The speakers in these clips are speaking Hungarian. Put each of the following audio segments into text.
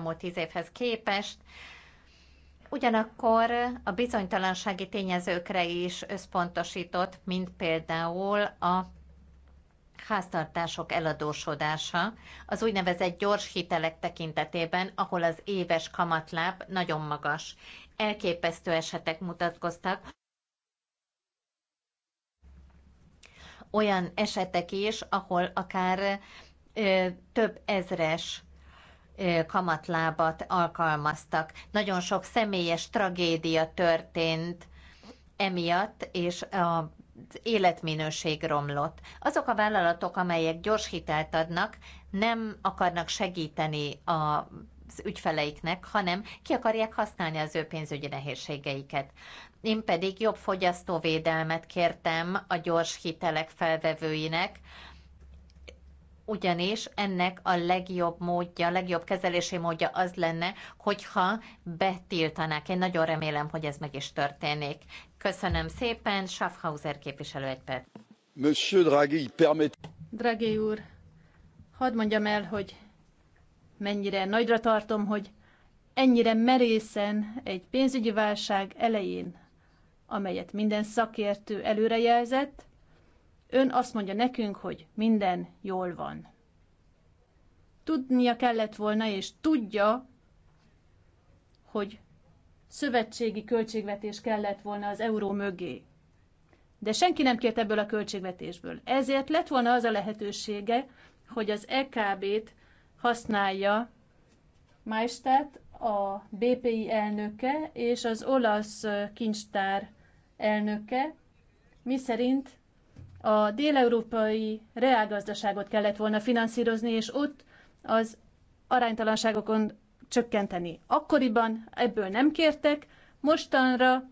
elmúlt tíz évhez képest. Ugyanakkor a bizonytalansági tényezőkre is összpontosított, mint például a háztartások eladósodása az úgynevezett gyors hitelek tekintetében, ahol az éves kamatláb nagyon magas. Elképesztő esetek mutatkoztak. Olyan esetek is, ahol akár ö, több ezres kamatlábat alkalmaztak. Nagyon sok személyes tragédia történt emiatt, és a életminőség romlott. Azok a vállalatok, amelyek gyors hitelt adnak, nem akarnak segíteni a az ügyfeleiknek, hanem ki akarják használni az ő pénzügyi nehézségeiket. Én pedig jobb fogyasztóvédelmet kértem a gyors hitelek felvevőinek, ugyanis ennek a legjobb módja, a legjobb kezelési módja az lenne, hogyha betiltanák. Én nagyon remélem, hogy ez meg is történik. Köszönöm szépen, Schaffhauser képviselő egy perc. Monsieur Draghi, permet... Draghi úr, hadd mondjam el, hogy mennyire nagyra tartom, hogy ennyire merészen egy pénzügyi válság elején, amelyet minden szakértő előrejelzett, Ön azt mondja nekünk, hogy minden jól van. Tudnia kellett volna, és tudja, hogy szövetségi költségvetés kellett volna az euró mögé. De senki nem kért ebből a költségvetésből. Ezért lett volna az a lehetősége, hogy az EKB-t használja Maestát, a BPI elnöke és az olasz kincstár elnöke, miszerint a déleurópai reálgazdaságot kellett volna finanszírozni, és ott az aránytalanságokon csökkenteni. Akkoriban ebből nem kértek, mostanra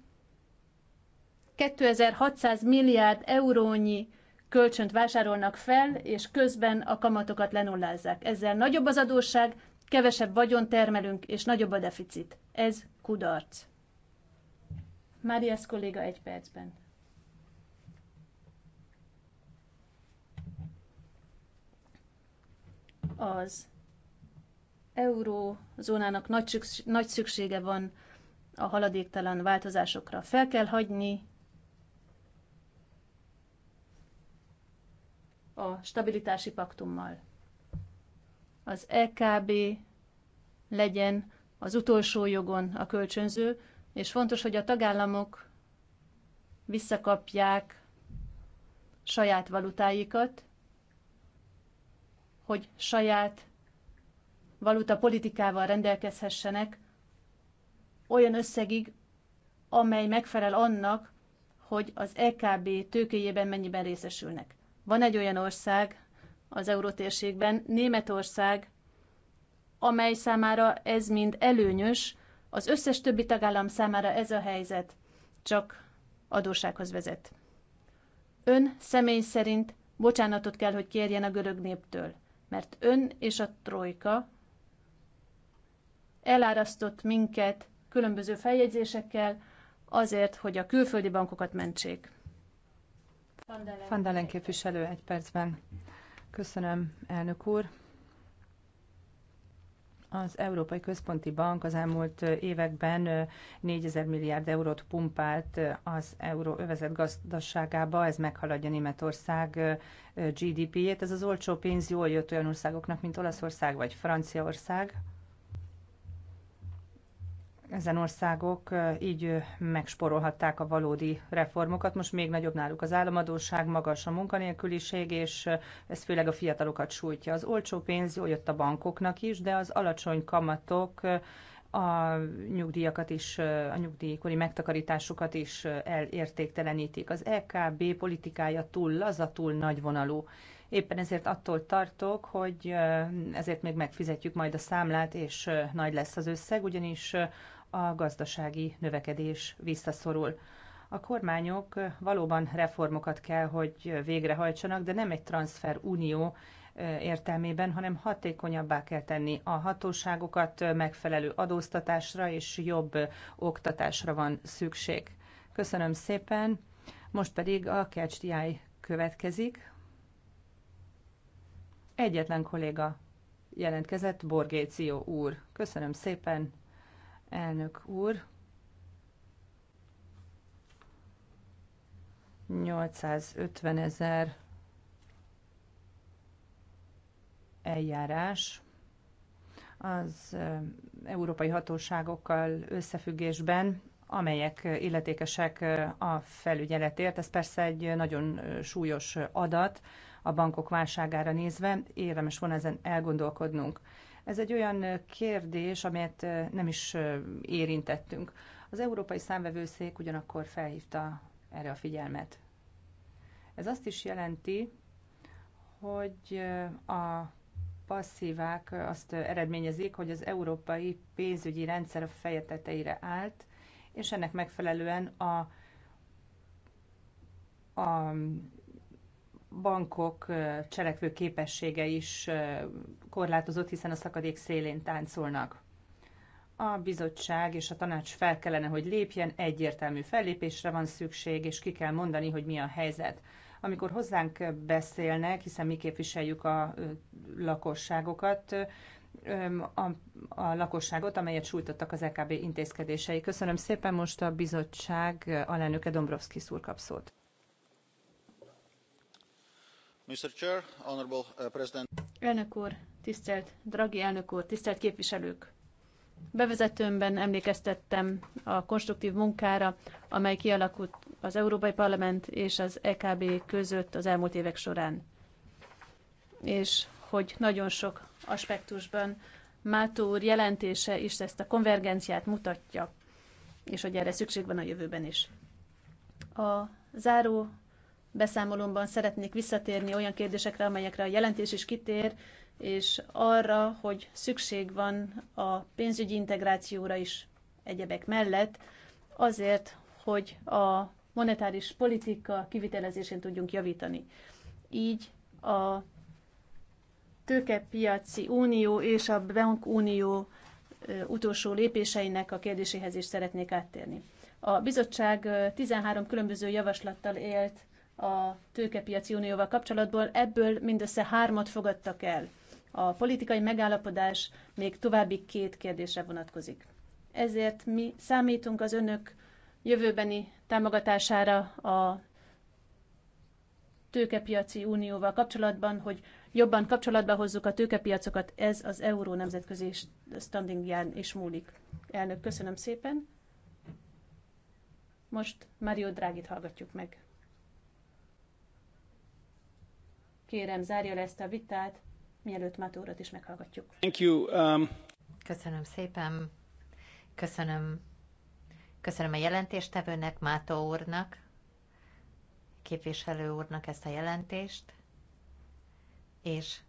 2600 milliárd eurónyi kölcsönt vásárolnak fel, és közben a kamatokat lenullázzák. Ezzel nagyobb az adósság, kevesebb vagyon termelünk, és nagyobb a deficit. Ez kudarc. Máriász kolléga egy percben. Az eurózónának nagy, szükség, nagy szüksége van a haladéktalan változásokra. Fel kell hagyni a stabilitási paktummal. Az EKB legyen az utolsó jogon a kölcsönző, és fontos, hogy a tagállamok visszakapják saját valutáikat, hogy saját valuta politikával rendelkezhessenek olyan összegig, amely megfelel annak, hogy az EKB tőkéjében mennyiben részesülnek. Van egy olyan ország az eurótérségben, Németország, amely számára ez mind előnyös, az összes többi tagállam számára ez a helyzet csak adósághoz vezet. Ön személy szerint bocsánatot kell, hogy kérjen a görög néptől mert ön és a trojka elárasztott minket különböző feljegyzésekkel azért, hogy a külföldi bankokat mentsék. Fandelen képviselő egy percben. Köszönöm, elnök úr. Az Európai Központi Bank az elmúlt években 4000 milliárd eurót pumpált az euróövezet gazdaságába, ez meghaladja Németország GDP-jét. Ez az olcsó pénz jól jött olyan országoknak, mint Olaszország vagy Franciaország, ezen országok így megsporolhatták a valódi reformokat. Most még nagyobb náluk az államadóság, magas a munkanélküliség, és ez főleg a fiatalokat sújtja. Az olcsó pénz jól jött a bankoknak is, de az alacsony kamatok a nyugdíjakat is, a nyugdíjkori megtakarításokat is elértéktelenítik. Az EKB politikája túl laza, túl nagyvonalú. Éppen ezért attól tartok, hogy ezért még megfizetjük majd a számlát, és nagy lesz az összeg, ugyanis a gazdasági növekedés visszaszorul. A kormányok valóban reformokat kell, hogy végrehajtsanak, de nem egy transfer unió értelmében, hanem hatékonyabbá kell tenni a hatóságokat, megfelelő adóztatásra és jobb oktatásra van szükség. Köszönöm szépen, most pedig a CatchDI következik. Egyetlen kolléga jelentkezett, Borgéció úr. Köszönöm szépen, elnök úr. 850 ezer eljárás az európai hatóságokkal összefüggésben, amelyek illetékesek a felügyeletért. Ez persze egy nagyon súlyos adat a bankok válságára nézve, érdemes volna ezen elgondolkodnunk. Ez egy olyan kérdés, amelyet nem is érintettünk. Az Európai Számvevőszék ugyanakkor felhívta erre a figyelmet. Ez azt is jelenti, hogy a passzívák azt eredményezik, hogy az európai pénzügyi rendszer a feje tetejére állt, és ennek megfelelően a, a bankok cselekvő képessége is korlátozott, hiszen a szakadék szélén táncolnak. A bizottság és a tanács fel kellene, hogy lépjen, egyértelmű fellépésre van szükség, és ki kell mondani, hogy mi a helyzet. Amikor hozzánk beszélnek, hiszen mi képviseljük a lakosságokat, a, a lakosságot, amelyet sújtottak az EKB intézkedései. Köszönöm szépen, most a bizottság alelnöke Dombrovszki szúr kap szót. Uh, elnök úr, tisztelt, Draghi elnök úr, tisztelt képviselők! Bevezetőmben emlékeztettem a konstruktív munkára, amely kialakult az Európai Parlament és az EKB között az elmúlt évek során. És hogy nagyon sok aspektusban Mátó úr jelentése is ezt a konvergenciát mutatja, és hogy erre szükség van a jövőben is. A záró beszámolomban szeretnék visszatérni olyan kérdésekre, amelyekre a jelentés is kitér, és arra, hogy szükség van a pénzügyi integrációra is egyebek mellett, azért, hogy a monetáris politika kivitelezésén tudjunk javítani. Így a tőkepiaci unió és a bankunió utolsó lépéseinek a kérdéséhez is szeretnék áttérni. A bizottság 13 különböző javaslattal élt a tőkepiaci unióval kapcsolatból, ebből mindössze hármat fogadtak el. A politikai megállapodás még további két kérdésre vonatkozik. Ezért mi számítunk az önök jövőbeni támogatására a tőkepiaci unióval kapcsolatban, hogy jobban kapcsolatba hozzuk a tőkepiacokat, ez az euró nemzetközi standingján is múlik. Elnök, köszönöm szépen. Most Mario Drágit hallgatjuk meg. Kérem, zárja le ezt a vitát, mielőtt Matúrat is meghallgatjuk. Thank you, um... Köszönöm szépen. Köszönöm. Köszönöm a jelentéstevőnek, Mátó úrnak, képviselő úrnak ezt a jelentést, és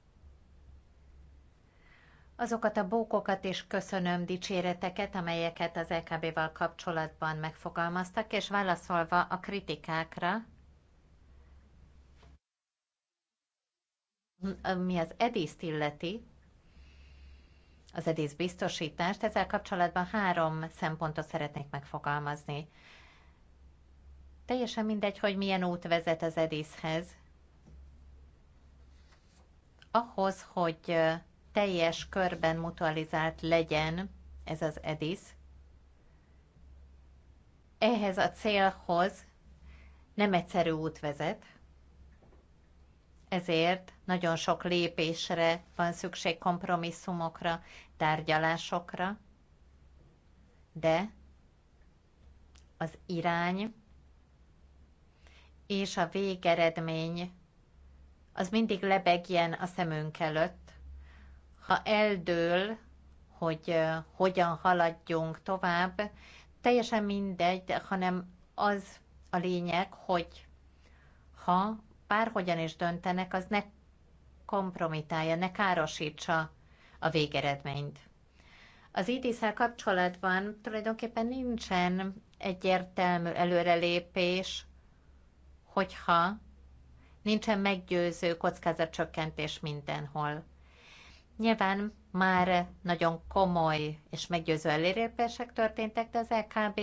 azokat a bókokat és köszönöm dicséreteket, amelyeket az LKB-val kapcsolatban megfogalmaztak, és válaszolva a kritikákra, ami az edészt illeti, az edész biztosítást, ezzel kapcsolatban három szempontot szeretnék megfogalmazni. Teljesen mindegy, hogy milyen út vezet az edészhez. Ahhoz, hogy teljes körben mutualizált legyen ez az edész, ehhez a célhoz nem egyszerű út vezet, ezért nagyon sok lépésre van szükség kompromisszumokra, tárgyalásokra, de az irány és a végeredmény az mindig lebegjen a szemünk előtt. Ha eldől, hogy hogyan haladjunk tovább, teljesen mindegy, hanem az a lényeg, hogy ha bárhogyan is döntenek, az ne kompromitálja, ne károsítsa a végeredményt. Az itis e kapcsolatban tulajdonképpen nincsen egyértelmű előrelépés, hogyha nincsen meggyőző kockázatcsökkentés mindenhol. Nyilván már nagyon komoly és meggyőző elérépések történtek, de az LKB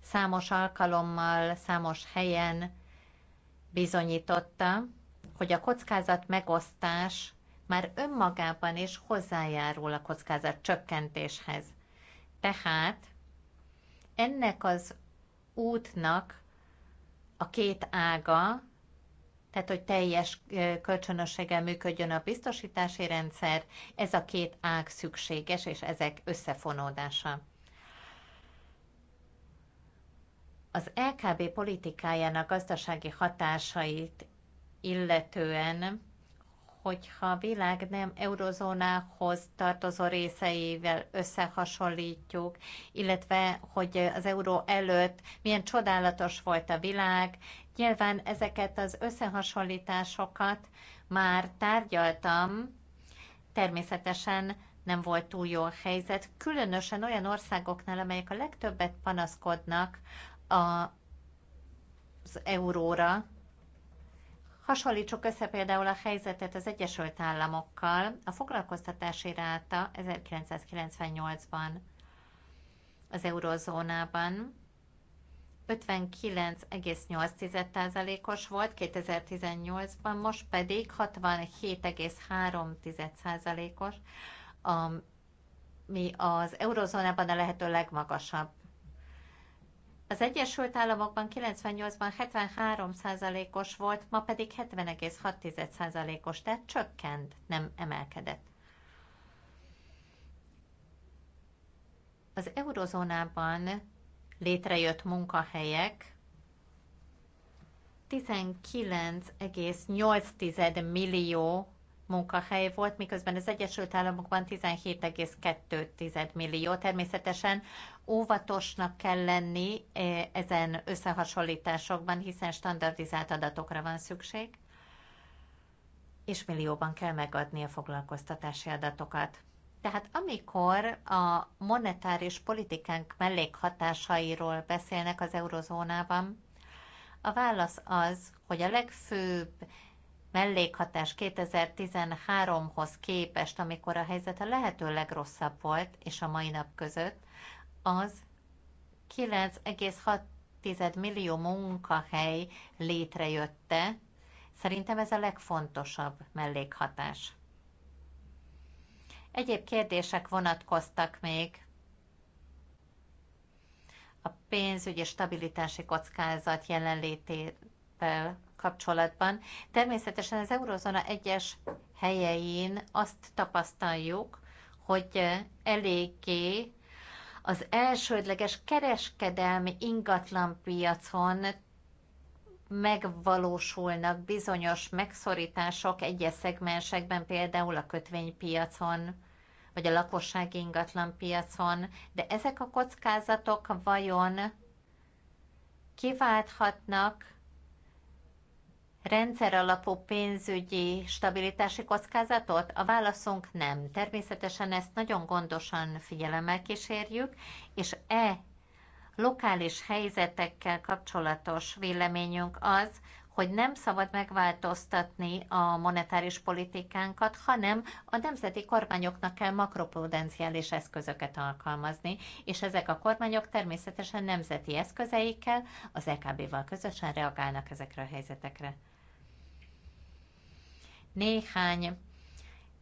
számos alkalommal, számos helyen bizonyította, hogy a kockázat megosztás már önmagában is hozzájárul a kockázat csökkentéshez. Tehát ennek az útnak a két ága, tehát hogy teljes kölcsönösséggel működjön a biztosítási rendszer, ez a két ág szükséges, és ezek összefonódása. Az LKB politikájának gazdasági hatásait illetően, hogyha a világ nem eurozónához tartozó részeivel összehasonlítjuk, illetve hogy az euró előtt milyen csodálatos volt a világ, nyilván ezeket az összehasonlításokat már tárgyaltam, természetesen nem volt túl jó a helyzet, különösen olyan országoknál, amelyek a legtöbbet panaszkodnak a, az euróra, Hasonlítsuk össze például a helyzetet az Egyesült Államokkal. A foglalkoztatási ráta 1998-ban az eurozónában 59,8%-os volt 2018-ban, most pedig 67,3%-os, ami az eurozónában a lehető legmagasabb az Egyesült Államokban 98-ban 73%-os volt, ma pedig 70,6%-os, tehát csökkent, nem emelkedett. Az eurozónában létrejött munkahelyek 19,8 millió munkahely volt, miközben az Egyesült Államokban 17,2 millió. Természetesen óvatosnak kell lenni eh, ezen összehasonlításokban, hiszen standardizált adatokra van szükség, és millióban kell megadni a foglalkoztatási adatokat. Tehát amikor a monetáris politikánk mellékhatásairól beszélnek az eurozónában, a válasz az, hogy a legfőbb mellékhatás 2013-hoz képest, amikor a helyzet a lehető legrosszabb volt, és a mai nap között, az 9,6 millió munkahely létrejötte. Szerintem ez a legfontosabb mellékhatás. Egyéb kérdések vonatkoztak még a pénzügyi stabilitási kockázat jelenlétére szerepel kapcsolatban. Természetesen az eurózona egyes helyein azt tapasztaljuk, hogy eléggé az elsődleges kereskedelmi ingatlanpiacon megvalósulnak bizonyos megszorítások egyes szegmensekben, például a kötvénypiacon, vagy a lakossági ingatlanpiacon, de ezek a kockázatok vajon kiválthatnak rendszeralapú pénzügyi stabilitási kockázatot? A válaszunk nem. Természetesen ezt nagyon gondosan figyelemmel kísérjük, és e lokális helyzetekkel kapcsolatos véleményünk az, hogy nem szabad megváltoztatni a monetáris politikánkat, hanem a nemzeti kormányoknak kell makroprudenciális eszközöket alkalmazni, és ezek a kormányok természetesen nemzeti eszközeikkel, az EKB-val közösen reagálnak ezekre a helyzetekre. Néhány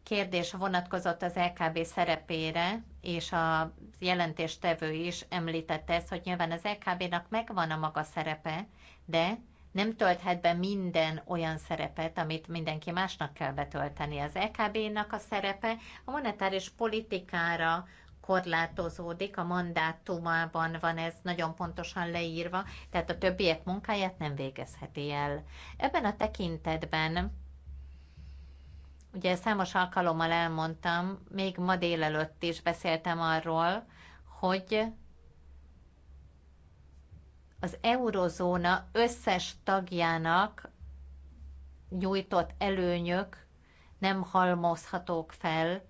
kérdés vonatkozott az LKB szerepére, és a jelentéstevő is említette ezt, hogy nyilván az LKB-nak megvan a maga szerepe, de nem tölthet be minden olyan szerepet, amit mindenki másnak kell betölteni. Az LKB-nak a szerepe a monetáris politikára korlátozódik, a mandátumában van ez nagyon pontosan leírva, tehát a többiek munkáját nem végezheti el. Ebben a tekintetben Ugye számos alkalommal elmondtam, még ma délelőtt is beszéltem arról, hogy az eurozóna összes tagjának nyújtott előnyök nem halmozhatók fel,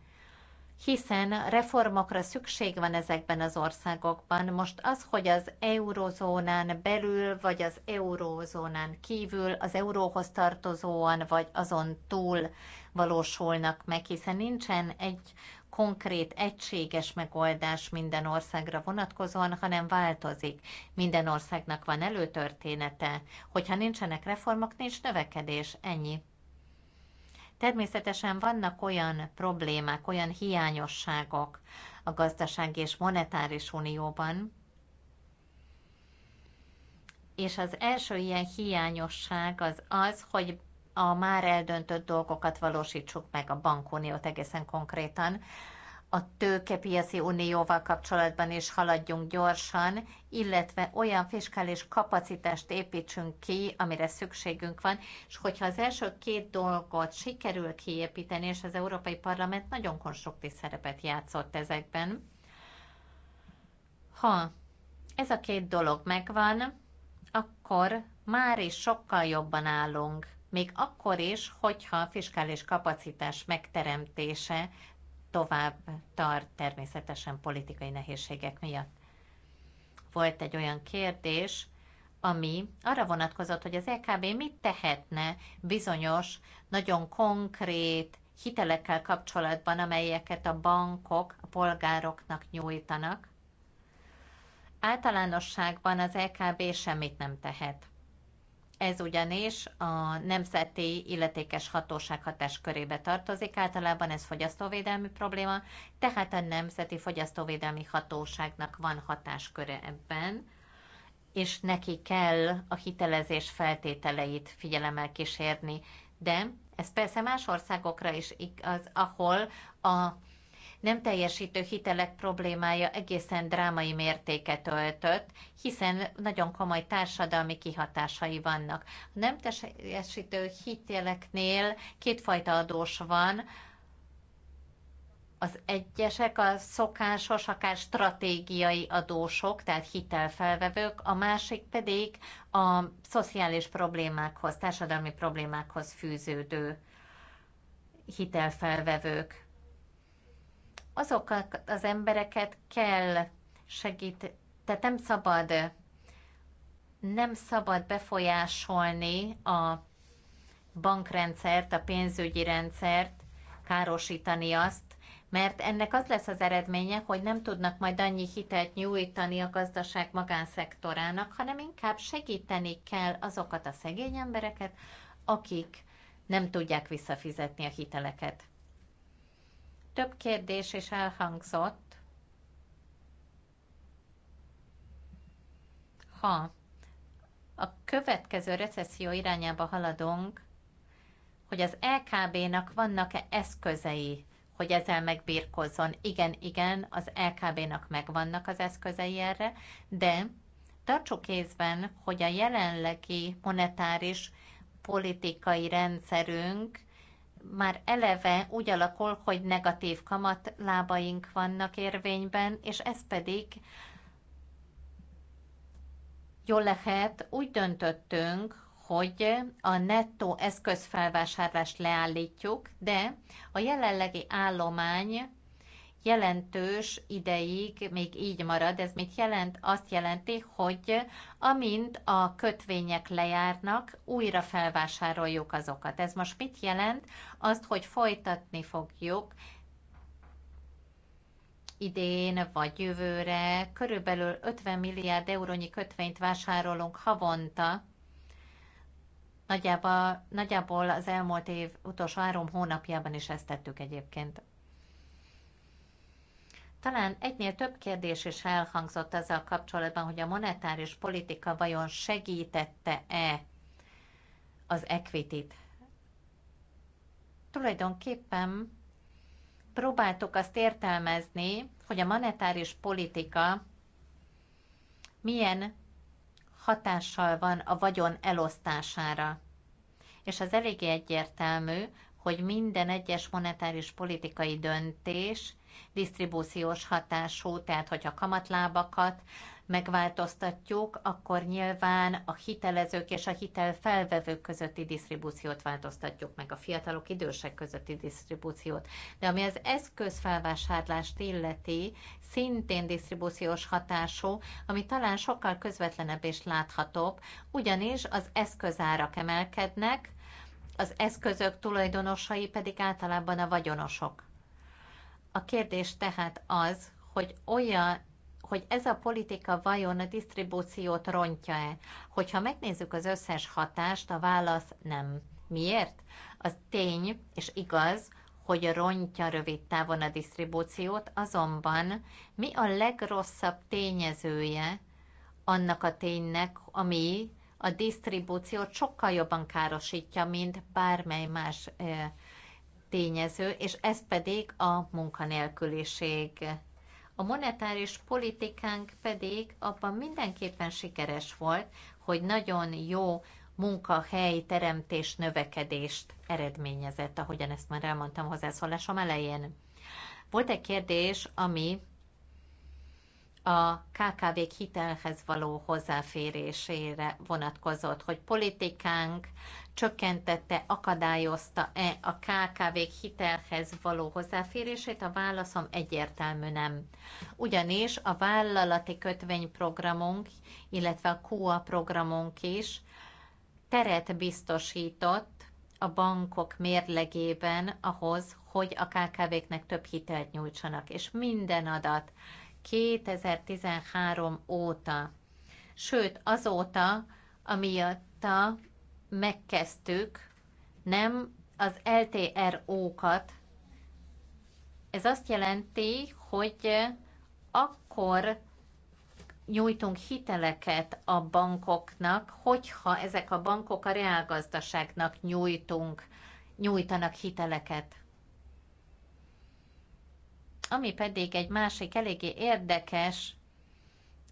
hiszen reformokra szükség van ezekben az országokban. Most az, hogy az eurozónán belül, vagy az eurozónán kívül, az euróhoz tartozóan, vagy azon túl valósulnak meg, hiszen nincsen egy konkrét, egységes megoldás minden országra vonatkozóan, hanem változik. Minden országnak van előtörténete. Hogyha nincsenek reformok, nincs növekedés. Ennyi. Természetesen vannak olyan problémák, olyan hiányosságok a gazdasági és monetáris unióban, és az első ilyen hiányosság az az, hogy a már eldöntött dolgokat valósítsuk meg a bankuniót egészen konkrétan. A tőkepiaci unióval kapcsolatban is haladjunk gyorsan, illetve olyan fiskális kapacitást építsünk ki, amire szükségünk van, és hogyha az első két dolgot sikerül kiépíteni, és az Európai Parlament nagyon konstruktív szerepet játszott ezekben, ha ez a két dolog megvan, akkor már is sokkal jobban állunk még akkor is, hogyha a fiskális kapacitás megteremtése tovább tart természetesen politikai nehézségek miatt. Volt egy olyan kérdés, ami arra vonatkozott, hogy az EKB mit tehetne bizonyos, nagyon konkrét hitelekkel kapcsolatban, amelyeket a bankok a polgároknak nyújtanak. Általánosságban az EKB semmit nem tehet. Ez ugyanis a nemzeti illetékes hatóság hatás körébe tartozik, általában ez fogyasztóvédelmi probléma, tehát a Nemzeti Fogyasztóvédelmi Hatóságnak van hatásköre ebben, és neki kell a hitelezés feltételeit figyelemmel kísérni. De ez persze más országokra is igaz, ahol a nem teljesítő hitelek problémája egészen drámai mértéket öltött, hiszen nagyon komoly társadalmi kihatásai vannak. A nem teljesítő hiteleknél kétfajta adós van, az egyesek a szokásos, akár stratégiai adósok, tehát hitelfelvevők, a másik pedig a szociális problémákhoz, társadalmi problémákhoz fűződő hitelfelvevők azokat az embereket kell segíteni, tehát nem szabad nem szabad befolyásolni a bankrendszert, a pénzügyi rendszert, károsítani azt, mert ennek az lesz az eredménye, hogy nem tudnak majd annyi hitelt nyújtani a gazdaság magánszektorának, hanem inkább segíteni kell azokat a szegény embereket, akik nem tudják visszafizetni a hiteleket. Több kérdés is elhangzott. Ha a következő recesszió irányába haladunk, hogy az LKB-nak vannak-e eszközei, hogy ezzel megbírkozzon. Igen, igen, az LKB-nak megvannak az eszközei erre, de tartsuk kézben, hogy a jelenlegi monetáris politikai rendszerünk már eleve úgy alakul, hogy negatív kamat lábaink vannak érvényben, és ez pedig jól lehet, úgy döntöttünk, hogy a nettó eszközfelvásárlást leállítjuk, de a jelenlegi állomány jelentős ideig még így marad. Ez mit jelent? Azt jelenti, hogy amint a kötvények lejárnak, újra felvásároljuk azokat. Ez most mit jelent? Azt, hogy folytatni fogjuk idén vagy jövőre körülbelül 50 milliárd eurónyi kötvényt vásárolunk havonta, Nagyjából, nagyjából az elmúlt év utolsó három hónapjában is ezt tettük egyébként. Talán egynél több kérdés is elhangzott ezzel kapcsolatban, hogy a monetáris politika vajon segítette-e az equity-t. Tulajdonképpen próbáltuk azt értelmezni, hogy a monetáris politika milyen hatással van a vagyon elosztására. És az eléggé egyértelmű, hogy minden egyes monetáris politikai döntés disztribúciós hatású, tehát hogyha kamatlábakat megváltoztatjuk, akkor nyilván a hitelezők és a hitelfelvevők közötti disztribúciót változtatjuk meg, a fiatalok idősek közötti disztribúciót. De ami az eszközfelvásárlást illeti, szintén disztribúciós hatású, ami talán sokkal közvetlenebb és láthatóbb, ugyanis az eszközárak emelkednek, az eszközök tulajdonosai pedig általában a vagyonosok. A kérdés tehát az, hogy olyan, hogy ez a politika vajon a disztribúciót rontja-e? Hogyha megnézzük az összes hatást, a válasz nem. Miért? Az tény és igaz, hogy rontja rövid távon a disztribúciót, azonban mi a legrosszabb tényezője annak a ténynek, ami a disztribúciót sokkal jobban károsítja, mint bármely más eh, tényező, és ez pedig a munkanélküliség. A monetáris politikánk pedig abban mindenképpen sikeres volt, hogy nagyon jó munkahely teremtés növekedést eredményezett, ahogyan ezt már elmondtam hozzászólásom elején. Volt egy kérdés, ami a KKV-k hitelhez való hozzáférésére vonatkozott, hogy politikánk csökkentette, akadályozta-e a KKV-k hitelhez való hozzáférését? A válaszom egyértelmű nem. Ugyanis a vállalati kötvényprogramunk, illetve a KUA programunk is teret biztosított a bankok mérlegében ahhoz, hogy a KKV-knek több hitelt nyújtsanak, és minden adat, 2013 óta. Sőt, azóta, amiatta megkezdtük, nem az LTRO-kat. Ez azt jelenti, hogy akkor nyújtunk hiteleket a bankoknak, hogyha ezek a bankok a reálgazdaságnak nyújtunk, nyújtanak hiteleket ami pedig egy másik eléggé érdekes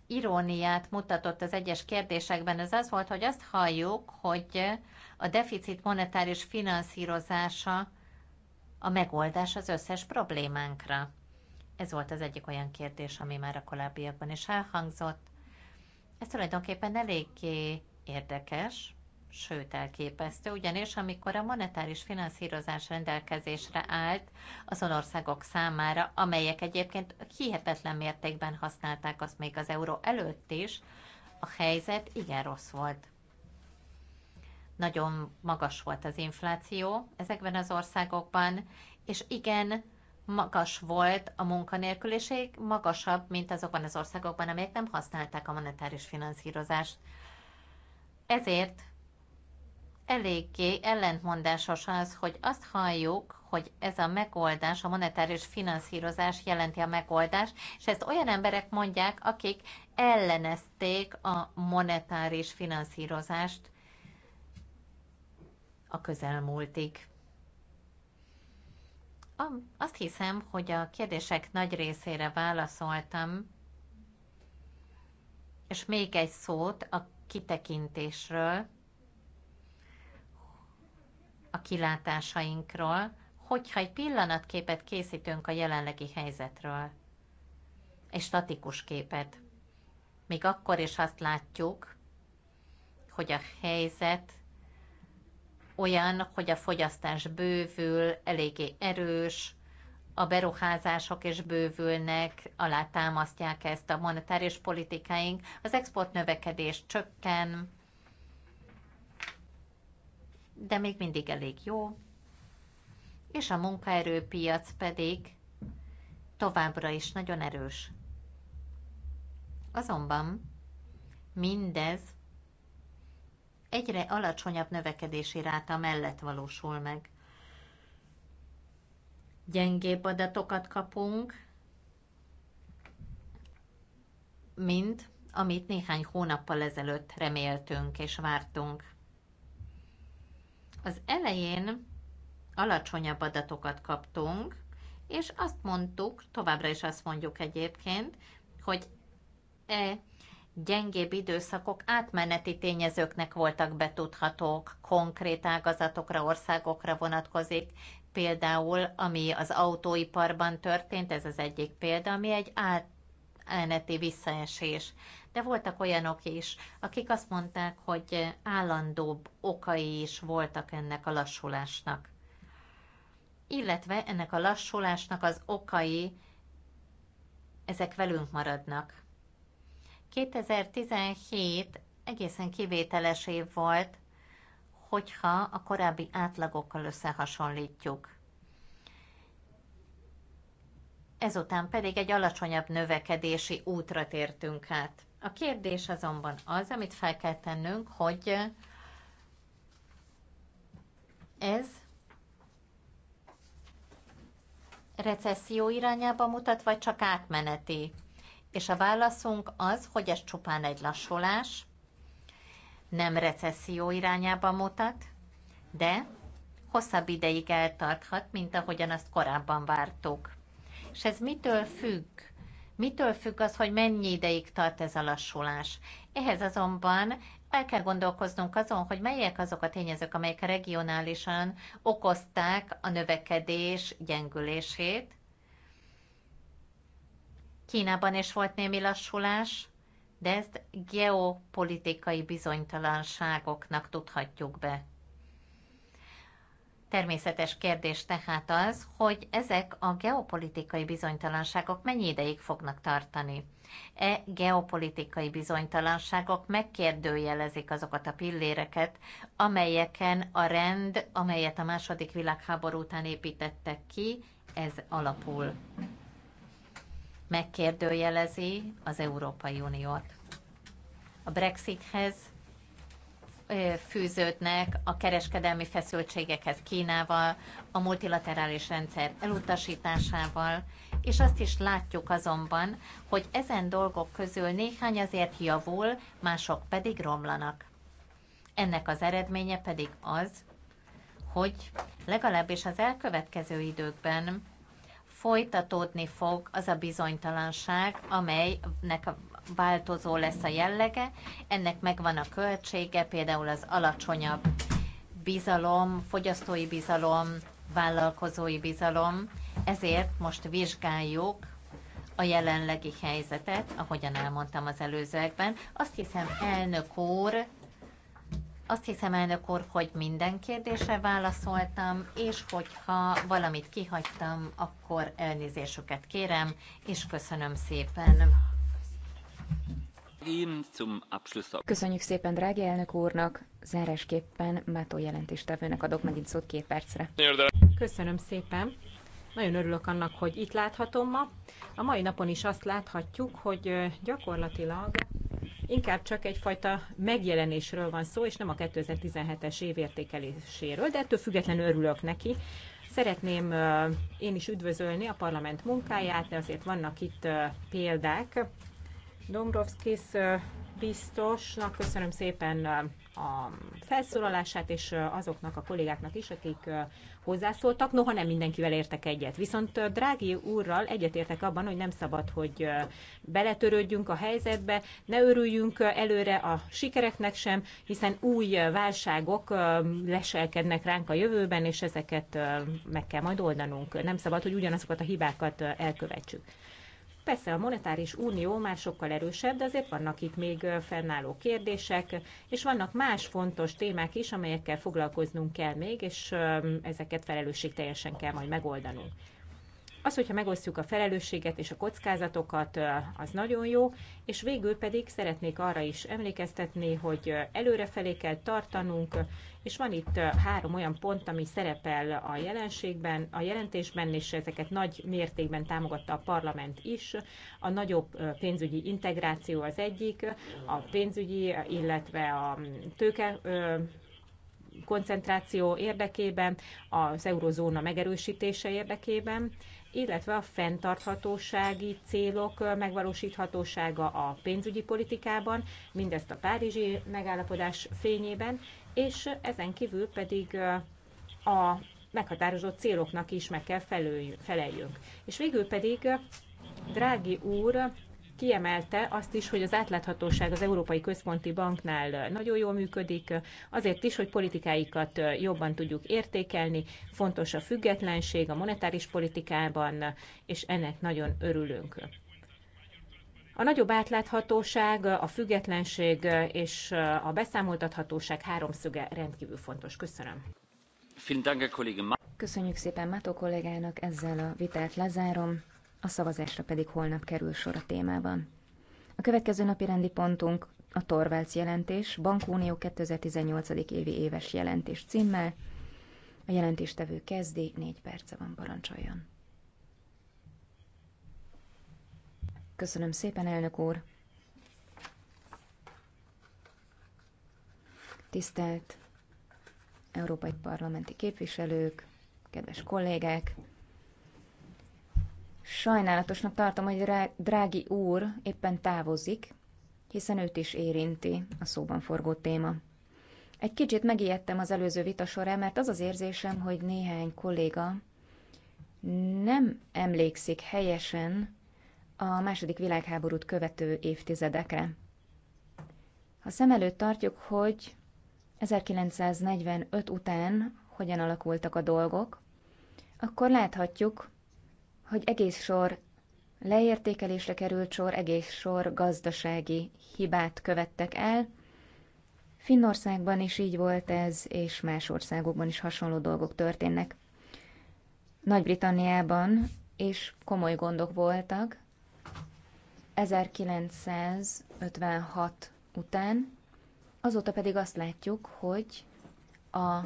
iróniát mutatott az egyes kérdésekben, az az volt, hogy azt halljuk, hogy a deficit monetáris finanszírozása a megoldás az összes problémánkra. Ez volt az egyik olyan kérdés, ami már a korábbiakban is elhangzott. Ez tulajdonképpen eléggé érdekes, sőt elképesztő, ugyanis amikor a monetáris finanszírozás rendelkezésre állt azon országok számára, amelyek egyébként hihetetlen mértékben használták azt még az euró előtt is, a helyzet igen rossz volt. Nagyon magas volt az infláció ezekben az országokban, és igen, magas volt a munkanélküliség, magasabb, mint azokban az országokban, amelyek nem használták a monetáris finanszírozást. Ezért eléggé ellentmondásos az, hogy azt halljuk, hogy ez a megoldás, a monetáris finanszírozás jelenti a megoldást, és ezt olyan emberek mondják, akik ellenezték a monetáris finanszírozást a közelmúltig. Azt hiszem, hogy a kérdések nagy részére válaszoltam, és még egy szót a kitekintésről a kilátásainkról, hogyha egy pillanatképet készítünk a jelenlegi helyzetről, egy statikus képet. Még akkor is azt látjuk, hogy a helyzet olyan, hogy a fogyasztás bővül, eléggé erős, a beruházások is bővülnek, alátámasztják ezt a monetáris politikáink, az export növekedés csökken, de még mindig elég jó, és a munkaerőpiac pedig továbbra is nagyon erős. Azonban mindez egyre alacsonyabb növekedési ráta mellett valósul meg. Gyengébb adatokat kapunk, mint amit néhány hónappal ezelőtt reméltünk és vártunk. Az elején alacsonyabb adatokat kaptunk, és azt mondtuk, továbbra is azt mondjuk egyébként, hogy e gyengébb időszakok átmeneti tényezőknek voltak betudhatók, konkrét ágazatokra, országokra vonatkozik, például ami az autóiparban történt, ez az egyik példa, ami egy át elleti visszaesés. De voltak olyanok is, akik azt mondták, hogy állandóbb okai is voltak ennek a lassulásnak. Illetve ennek a lassulásnak az okai, ezek velünk maradnak. 2017 egészen kivételes év volt, hogyha a korábbi átlagokkal összehasonlítjuk ezután pedig egy alacsonyabb növekedési útra tértünk át. A kérdés azonban az, amit fel kell tennünk, hogy ez recesszió irányába mutat, vagy csak átmeneti? És a válaszunk az, hogy ez csupán egy lassulás, nem recesszió irányába mutat, de hosszabb ideig eltarthat, mint ahogyan azt korábban vártuk. És ez mitől függ? Mitől függ az, hogy mennyi ideig tart ez a lassulás? Ehhez azonban el kell gondolkoznunk azon, hogy melyek azok a tényezők, amelyek regionálisan okozták a növekedés gyengülését. Kínában is volt némi lassulás, de ezt geopolitikai bizonytalanságoknak tudhatjuk be. Természetes kérdés tehát az, hogy ezek a geopolitikai bizonytalanságok mennyi ideig fognak tartani. E geopolitikai bizonytalanságok megkérdőjelezik azokat a pilléreket, amelyeken a rend, amelyet a második világháború után építettek ki, ez alapul. Megkérdőjelezi az Európai Uniót. A Brexithez fűződnek a kereskedelmi feszültségekhez Kínával, a multilaterális rendszer elutasításával, és azt is látjuk azonban, hogy ezen dolgok közül néhány azért javul, mások pedig romlanak. Ennek az eredménye pedig az, hogy legalábbis az elkövetkező időkben folytatódni fog az a bizonytalanság, amelynek változó lesz a jellege, ennek megvan a költsége, például az alacsonyabb bizalom, fogyasztói bizalom, vállalkozói bizalom, ezért most vizsgáljuk a jelenlegi helyzetet, ahogyan elmondtam az előzőekben. Azt hiszem, elnök úr, azt hiszem, elnök úr, hogy minden kérdésre válaszoltam, és hogyha valamit kihagytam, akkor elnézésüket kérem, és köszönöm szépen. Köszönjük szépen drági elnök úrnak, zárásképpen Mátó jelentéstevőnek adok megint szót két percre. Köszönöm szépen. Nagyon örülök annak, hogy itt láthatom ma. A mai napon is azt láthatjuk, hogy gyakorlatilag inkább csak egyfajta megjelenésről van szó, és nem a 2017-es évértékeléséről, de ettől függetlenül örülök neki. Szeretném én is üdvözölni a parlament munkáját, de azért vannak itt példák Dombrovskis biztosnak köszönöm szépen a felszólalását, és azoknak a kollégáknak is, akik hozzászóltak. Noha nem mindenkivel értek egyet. Viszont Drági úrral egyetértek abban, hogy nem szabad, hogy beletörődjünk a helyzetbe, ne örüljünk előre a sikereknek sem, hiszen új válságok leselkednek ránk a jövőben, és ezeket meg kell majd oldanunk. Nem szabad, hogy ugyanazokat a hibákat elkövetsük. Persze a monetáris unió már sokkal erősebb, de azért vannak itt még fennálló kérdések, és vannak más fontos témák is, amelyekkel foglalkoznunk kell még, és ezeket felelősségteljesen kell majd megoldanunk. Az, hogyha megosztjuk a felelősséget és a kockázatokat, az nagyon jó, és végül pedig szeretnék arra is emlékeztetni, hogy előrefelé kell tartanunk, és van itt három olyan pont, ami szerepel a jelenségben, a jelentésben, és ezeket nagy mértékben támogatta a parlament is. A nagyobb pénzügyi integráció az egyik, a pénzügyi, illetve a tőke koncentráció érdekében, az eurozóna megerősítése érdekében, illetve a fenntarthatósági célok megvalósíthatósága a pénzügyi politikában, mindezt a Párizsi megállapodás fényében, és ezen kívül pedig a meghatározott céloknak is meg kell feleljünk. És végül pedig Drági úr kiemelte azt is, hogy az átláthatóság az Európai Központi Banknál nagyon jól működik, azért is, hogy politikáikat jobban tudjuk értékelni, fontos a függetlenség a monetáris politikában, és ennek nagyon örülünk. A nagyobb átláthatóság, a függetlenség és a beszámoltathatóság háromszöge rendkívül fontos. Köszönöm. Köszönjük szépen Mato kollégának, ezzel a vitát lezárom a szavazásra pedig holnap kerül sor a témában. A következő napi rendi pontunk a Torvalds jelentés, Bankunió 2018. évi éves jelentés címmel. A jelentéstevő kezdi, négy perce van, parancsoljon. Köszönöm szépen, elnök úr! Tisztelt Európai Parlamenti képviselők, kedves kollégák! Sajnálatosnak tartom, hogy Drági úr éppen távozik, hiszen őt is érinti a szóban forgó téma. Egy kicsit megijedtem az előző vita során, mert az az érzésem, hogy néhány kolléga nem emlékszik helyesen a második világháborút követő évtizedekre. Ha szem előtt tartjuk, hogy 1945 után hogyan alakultak a dolgok, akkor láthatjuk, hogy egész sor leértékelésre került sor, egész sor gazdasági hibát követtek el. Finnországban is így volt ez, és más országokban is hasonló dolgok történnek. Nagy-Britanniában és komoly gondok voltak 1956 után, azóta pedig azt látjuk, hogy a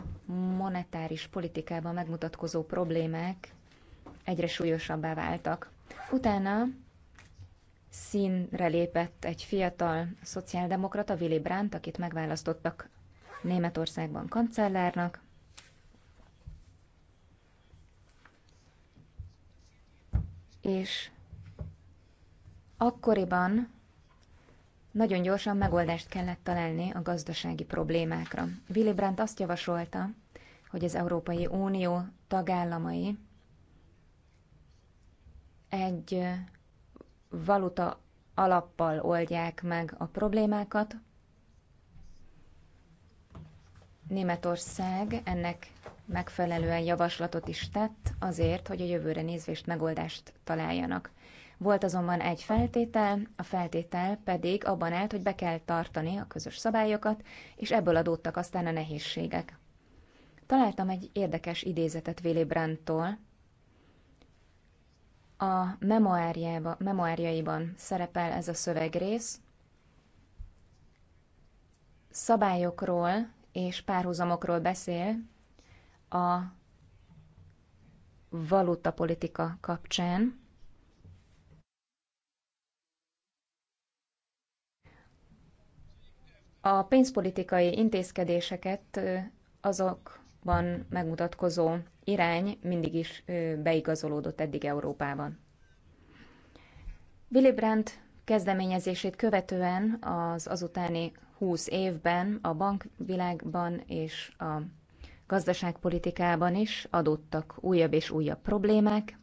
monetáris politikában megmutatkozó problémák egyre súlyosabbá váltak. Utána színre lépett egy fiatal szociáldemokrata, Willy Brandt, akit megválasztottak Németországban kancellárnak. És akkoriban nagyon gyorsan megoldást kellett találni a gazdasági problémákra. Willy Brandt azt javasolta, hogy az Európai Unió tagállamai egy valuta alappal oldják meg a problémákat. Németország ennek megfelelően javaslatot is tett azért, hogy a jövőre nézvést megoldást találjanak. Volt azonban egy feltétel, a feltétel pedig abban állt, hogy be kell tartani a közös szabályokat, és ebből adódtak aztán a nehézségek. Találtam egy érdekes idézetet Willy Brandtól, a memoárjaiban szerepel ez a szövegrész. Szabályokról és párhuzamokról beszél a valutapolitika kapcsán. A pénzpolitikai intézkedéseket azok ban megmutatkozó irány mindig is beigazolódott eddig Európában. Willy Brandt kezdeményezését követően az azutáni 20 évben a bankvilágban és a gazdaságpolitikában is adottak újabb és újabb problémák.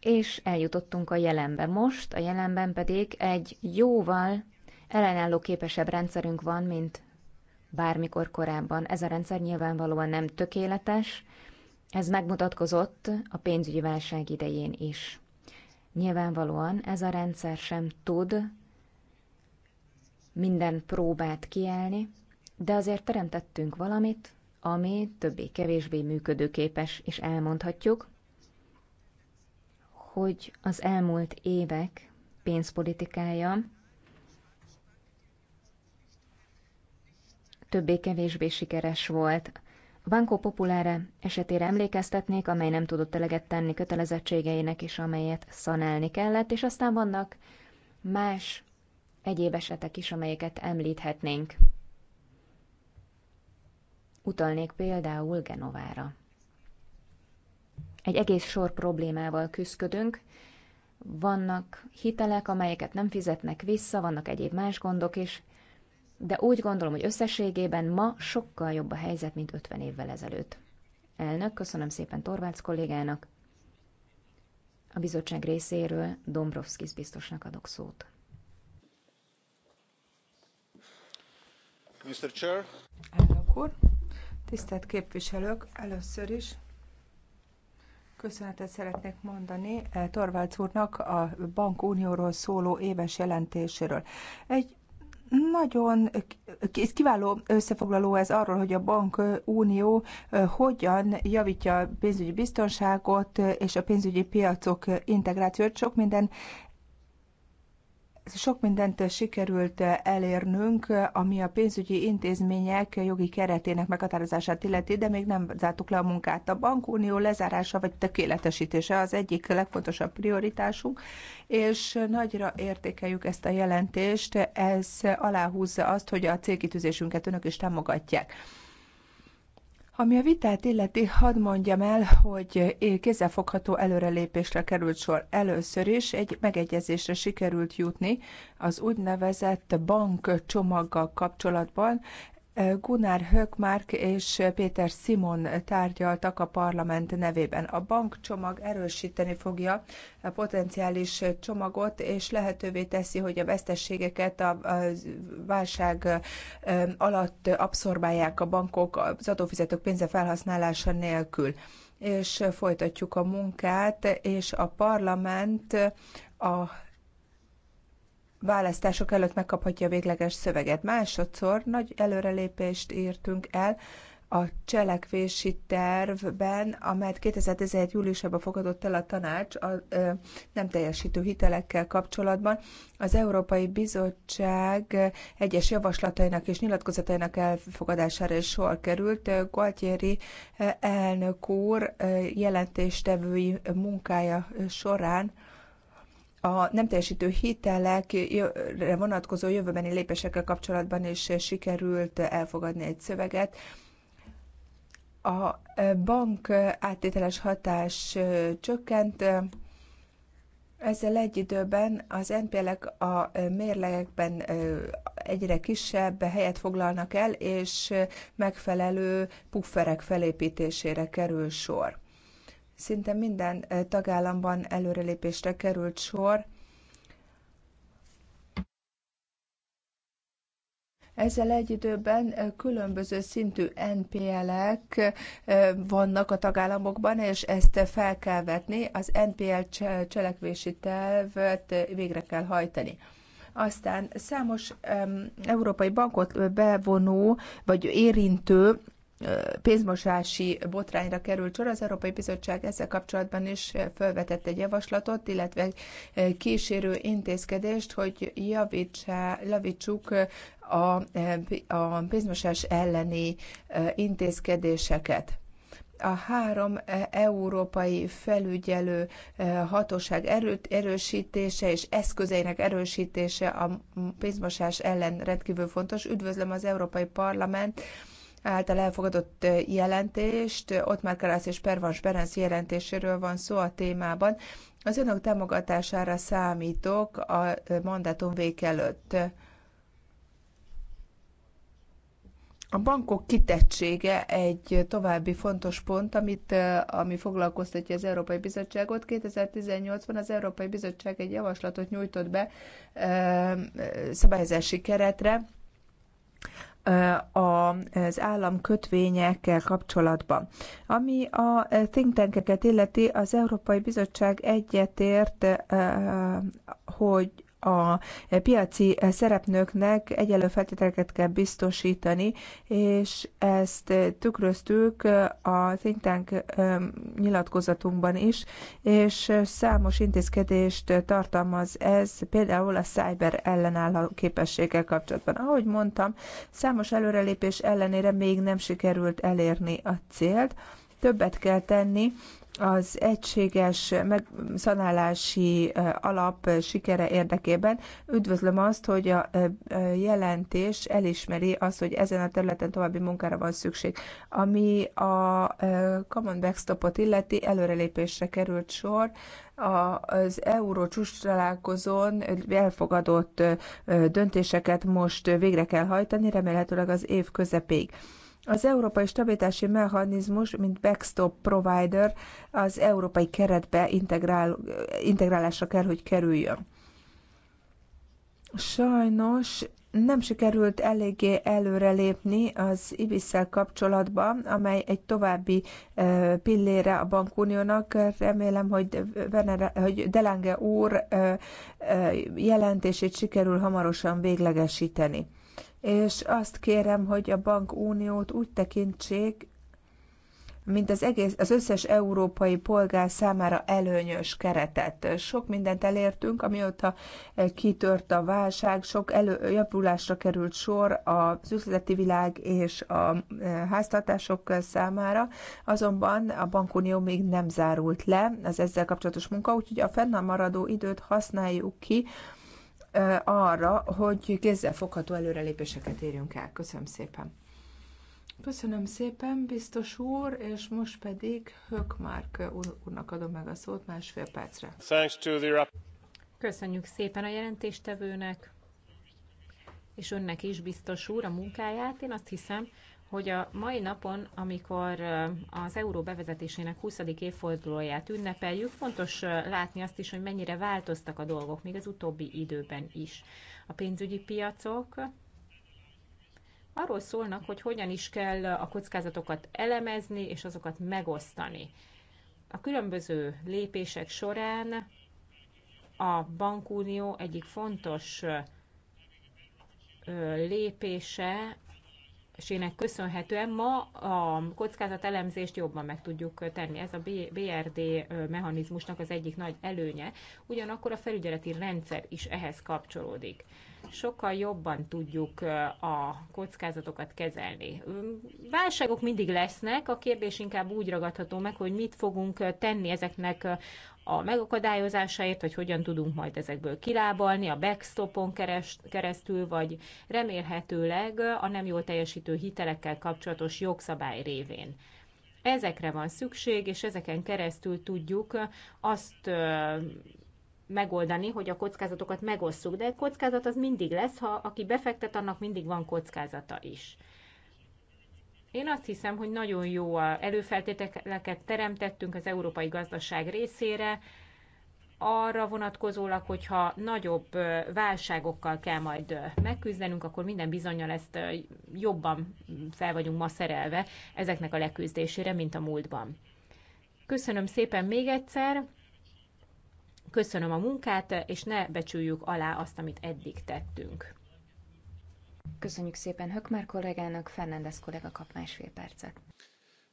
És eljutottunk a jelenbe. Most a jelenben pedig egy jóval ellenálló képesebb rendszerünk van, mint bármikor korábban. Ez a rendszer nyilvánvalóan nem tökéletes, ez megmutatkozott a pénzügyi válság idején is. Nyilvánvalóan ez a rendszer sem tud minden próbát kiállni, de azért teremtettünk valamit, ami többé-kevésbé működőképes, és elmondhatjuk, hogy az elmúlt évek pénzpolitikája többé-kevésbé sikeres volt. Banco Populare esetére emlékeztetnék, amely nem tudott eleget tenni kötelezettségeinek is, amelyet szanálni kellett, és aztán vannak más egyéb esetek is, amelyeket említhetnénk. Utalnék például Genovára. Egy egész sor problémával küzdködünk, vannak hitelek, amelyeket nem fizetnek vissza, vannak egyéb más gondok is, de úgy gondolom, hogy összességében ma sokkal jobb a helyzet, mint 50 évvel ezelőtt. Elnök, köszönöm szépen Torvalds kollégának. A bizottság részéről Dombrovskis biztosnak adok szót. Mr. Chair. Elnök úr, tisztelt képviselők, először is Köszönetet szeretnék mondani eh, Torvalds úrnak a Bankunióról szóló éves jelentéséről. Egy nagyon kiváló összefoglaló ez arról, hogy a bankunió hogyan javítja a pénzügyi biztonságot és a pénzügyi piacok integrációt. Sok minden sok mindent sikerült elérnünk, ami a pénzügyi intézmények jogi keretének meghatározását illeti, de még nem zártuk le a munkát. A bankunió lezárása vagy tökéletesítése az egyik legfontosabb prioritásunk, és nagyra értékeljük ezt a jelentést. Ez aláhúzza azt, hogy a célkitűzésünket önök is támogatják. Ami a vitát illeti, hadd mondjam el, hogy kézzelfogható előrelépésre került sor. Először is egy megegyezésre sikerült jutni az úgynevezett bankcsomaggal kapcsolatban. Gunnar Hökmark és Péter Simon tárgyaltak a parlament nevében. A bankcsomag erősíteni fogja a potenciális csomagot, és lehetővé teszi, hogy a vesztességeket a válság alatt abszorbálják a bankok az adófizetők pénze felhasználása nélkül és folytatjuk a munkát, és a parlament a választások előtt megkaphatja a végleges szöveget. Másodszor nagy előrelépést írtunk el a cselekvési tervben, amelyet 2017. júliusában fogadott el a tanács a ö, nem teljesítő hitelekkel kapcsolatban. Az Európai Bizottság egyes javaslatainak és nyilatkozatainak elfogadására is sor került. Gualtieri elnök úr jelentéstevői munkája során a nem teljesítő hitelekre vonatkozó jövőbeni lépésekkel kapcsolatban is sikerült elfogadni egy szöveget. A bank áttételes hatás csökkent, ezzel egy időben az NPL-ek a mérlegekben egyre kisebb helyet foglalnak el, és megfelelő pufferek felépítésére kerül sor. Szinte minden tagállamban előrelépésre került sor. Ezzel egy időben különböző szintű NPL-ek vannak a tagállamokban, és ezt fel kell vetni, az NPL cselekvési tervet végre kell hajtani aztán számos um, európai bankot bevonó vagy érintő pénzmosási botrányra került sor. Az Európai Bizottság ezzel kapcsolatban is felvetett egy javaslatot, illetve kísérő intézkedést, hogy javítsuk a, a pénzmosás elleni intézkedéseket a három európai felügyelő hatóság erőt, erősítése és eszközeinek erősítése a pénzmosás ellen rendkívül fontos. Üdvözlöm az Európai Parlament által elfogadott jelentést, ott már Kalász és Pervans Berenc jelentéséről van szó a témában. Az önök támogatására számítok a mandátum vég előtt. A bankok kitettsége egy további fontos pont, amit, ami foglalkoztatja az Európai Bizottságot. 2018-ban az Európai Bizottság egy javaslatot nyújtott be szabályozási keretre, az állam kötvényekkel kapcsolatban. Ami a think tankeket illeti, az Európai Bizottság egyetért, hogy a piaci szereplőknek egyenlő feltételeket kell biztosítani, és ezt tükröztük a think tank nyilatkozatunkban is, és számos intézkedést tartalmaz ez, például a cyber ellenálló képességgel kapcsolatban. Ahogy mondtam, számos előrelépés ellenére még nem sikerült elérni a célt, többet kell tenni az egységes megszanálási alap sikere érdekében üdvözlöm azt, hogy a jelentés elismeri azt, hogy ezen a területen további munkára van szükség. Ami a Common Backstopot illeti, előrelépésre került sor, az euró csúcs találkozón elfogadott döntéseket most végre kell hajtani, remélhetőleg az év közepéig. Az Európai Stabilitási Mechanizmus, mint backstop provider, az európai keretbe integrál, integrálásra kell, hogy kerüljön. Sajnos nem sikerült eléggé előrelépni az IBIS-szel kapcsolatban, amely egy további pillére a bankuniónak. Remélem, hogy, Venere, hogy Delange úr jelentését sikerül hamarosan véglegesíteni és azt kérem, hogy a bankuniót úgy tekintsék, mint az, egész, az összes európai polgár számára előnyös keretet. Sok mindent elértünk, amióta eh, kitört a válság, sok elő, javulásra került sor az üzleti világ és a eh, háztartások számára, azonban a bankunió még nem zárult le az ezzel kapcsolatos munka, úgyhogy a fennmaradó időt használjuk ki, arra, hogy fogható előrelépéseket érjünk el. Köszönöm szépen. Köszönöm szépen, biztos úr, és most pedig Hökmark úr, úrnak adom meg a szót másfél percre. Köszönjük szépen a jelentéstevőnek, és önnek is biztos úr a munkáját. Én azt hiszem, hogy a mai napon, amikor az euró bevezetésének 20. évfordulóját ünnepeljük, fontos látni azt is, hogy mennyire változtak a dolgok, még az utóbbi időben is. A pénzügyi piacok arról szólnak, hogy hogyan is kell a kockázatokat elemezni és azokat megosztani. A különböző lépések során a bankunió egyik fontos lépése ének köszönhetően ma a kockázatelemzést jobban meg tudjuk tenni. Ez a BRD mechanizmusnak az egyik nagy előnye, ugyanakkor a felügyeleti rendszer is ehhez kapcsolódik. Sokkal jobban tudjuk a kockázatokat kezelni. Válságok mindig lesznek, a kérdés inkább úgy ragadható meg, hogy mit fogunk tenni ezeknek a megakadályozásáért, hogy hogyan tudunk majd ezekből kilábalni, a backstopon keresztül, vagy remélhetőleg a nem jól teljesítő hitelekkel kapcsolatos jogszabály révén. Ezekre van szükség, és ezeken keresztül tudjuk azt megoldani, hogy a kockázatokat megosszuk. De kockázat az mindig lesz, ha aki befektet, annak mindig van kockázata is. Én azt hiszem, hogy nagyon jó előfeltételeket teremtettünk az európai gazdaság részére, arra vonatkozólag, hogyha nagyobb válságokkal kell majd megküzdenünk, akkor minden bizonyal ezt jobban fel vagyunk ma szerelve ezeknek a leküzdésére, mint a múltban. Köszönöm szépen még egyszer, köszönöm a munkát, és ne becsüljük alá azt, amit eddig tettünk. Köszönjük szépen Hökmár kollégának, Fernández kollega kap másfél percet.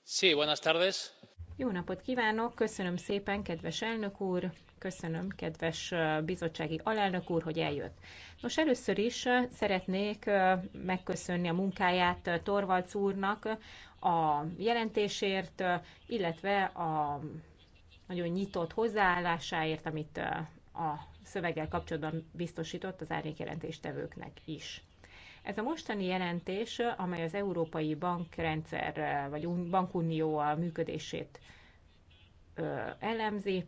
Sí, buenas tardes. Jó napot kívánok, köszönöm szépen, kedves elnök úr, köszönöm, kedves bizottsági alelnök úr, hogy eljött. Nos, először is szeretnék megköszönni a munkáját Torvalc úrnak a jelentésért, illetve a nagyon nyitott hozzáállásáért, amit a szöveggel kapcsolatban biztosított az árnyékjelentéstevőknek is. Ez a mostani jelentés, amely az Európai Bankrendszer vagy Bankunió a működését elemzi,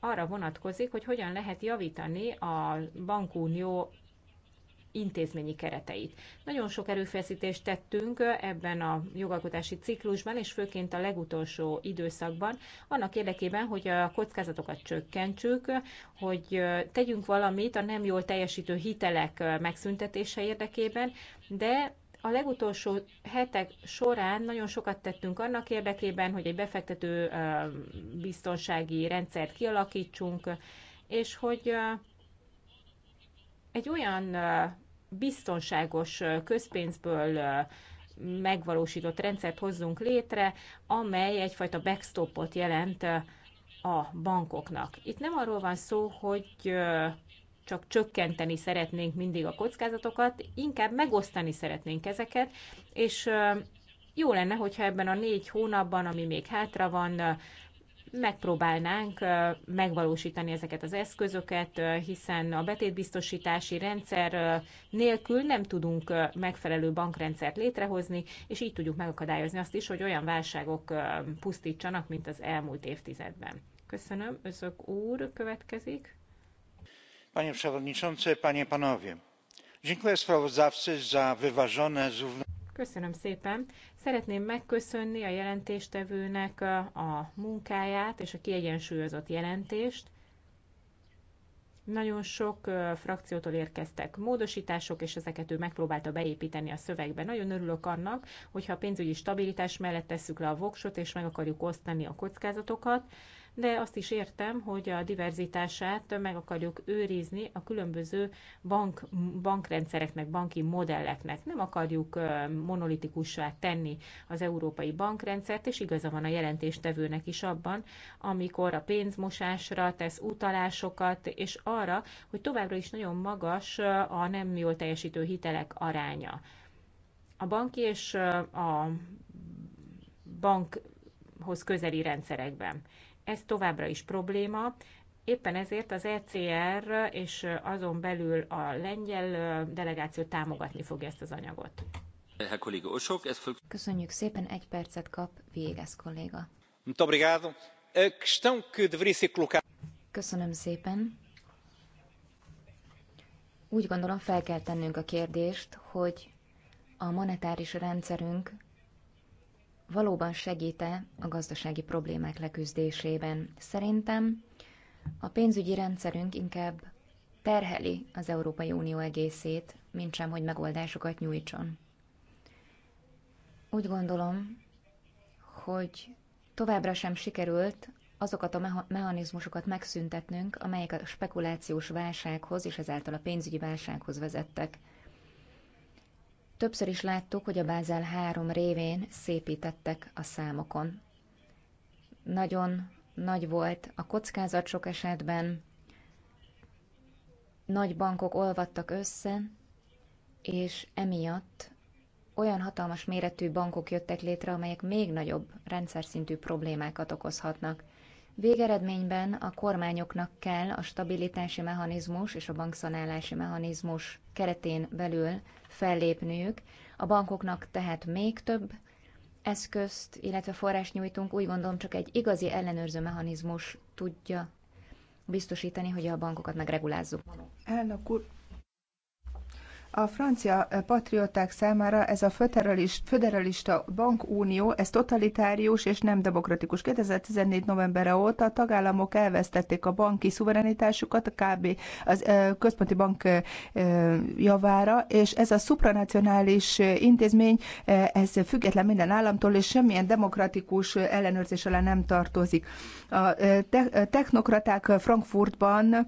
arra vonatkozik, hogy hogyan lehet javítani a bankunió intézményi kereteit. Nagyon sok erőfeszítést tettünk ebben a jogalkotási ciklusban, és főként a legutolsó időszakban, annak érdekében, hogy a kockázatokat csökkentsük, hogy tegyünk valamit a nem jól teljesítő hitelek megszüntetése érdekében, de a legutolsó hetek során nagyon sokat tettünk annak érdekében, hogy egy befektető biztonsági rendszert kialakítsunk, és hogy egy olyan biztonságos közpénzből megvalósított rendszert hozzunk létre, amely egyfajta backstopot jelent a bankoknak. Itt nem arról van szó, hogy csak csökkenteni szeretnénk mindig a kockázatokat, inkább megosztani szeretnénk ezeket, és jó lenne, hogyha ebben a négy hónapban, ami még hátra van, megpróbálnánk megvalósítani ezeket az eszközöket, hiszen a betétbiztosítási rendszer nélkül nem tudunk megfelelő bankrendszert létrehozni, és így tudjuk megakadályozni azt is, hogy olyan válságok pusztítsanak, mint az elmúlt évtizedben. Köszönöm. Özök úr következik. Panie Przewodniczący, Panie Panowie! Dziękuję sprawozdawcy za wyważone, zrównoważone Köszönöm szépen. Szeretném megköszönni a jelentéstevőnek a munkáját és a kiegyensúlyozott jelentést. Nagyon sok frakciótól érkeztek módosítások, és ezeket ő megpróbálta beépíteni a szövegbe. Nagyon örülök annak, hogyha a pénzügyi stabilitás mellett tesszük le a voksot, és meg akarjuk osztani a kockázatokat, de azt is értem, hogy a diverzitását meg akarjuk őrizni a különböző bank, bankrendszereknek, banki modelleknek. Nem akarjuk monolitikussá tenni az európai bankrendszert, és igaza van a jelentéstevőnek is abban, amikor a pénzmosásra tesz utalásokat, és arra, hogy továbbra is nagyon magas a nem jól teljesítő hitelek aránya. A banki és a bankhoz közeli rendszerekben ez továbbra is probléma, éppen ezért az ECR és azon belül a lengyel delegáció támogatni fogja ezt az anyagot. Köszönjük szépen, egy percet kap Viegas kolléga. Köszönöm szépen. Úgy gondolom fel kell tennünk a kérdést, hogy a monetáris rendszerünk valóban segít-e a gazdasági problémák leküzdésében. Szerintem a pénzügyi rendszerünk inkább terheli az Európai Unió egészét, mint sem, hogy megoldásokat nyújtson. Úgy gondolom, hogy továbbra sem sikerült azokat a mechanizmusokat megszüntetnünk, amelyek a spekulációs válsághoz és ezáltal a pénzügyi válsághoz vezettek. Többször is láttuk, hogy a Bázel három révén szépítettek a számokon. Nagyon nagy volt a kockázat sok esetben, nagy bankok olvadtak össze, és emiatt olyan hatalmas méretű bankok jöttek létre, amelyek még nagyobb rendszer szintű problémákat okozhatnak. Végeredményben a kormányoknak kell a stabilitási mechanizmus és a bankszanálási mechanizmus keretén belül fellépniük. A bankoknak tehát még több eszközt, illetve forrás nyújtunk, úgy gondolom csak egy igazi ellenőrző mechanizmus tudja biztosítani, hogy a bankokat megregulázzuk. Elnök úr, a francia eh, patrióták számára ez a föderalista bankunió, ez totalitárius és nem demokratikus. 2014. novembere óta a tagállamok elvesztették a banki szuverenitásukat, a KB, az eh, központi bank eh, javára, és ez a supranacionális intézmény, ez független minden államtól, és semmilyen demokratikus ellenőrzés alá nem tartozik. A technokraták Frankfurtban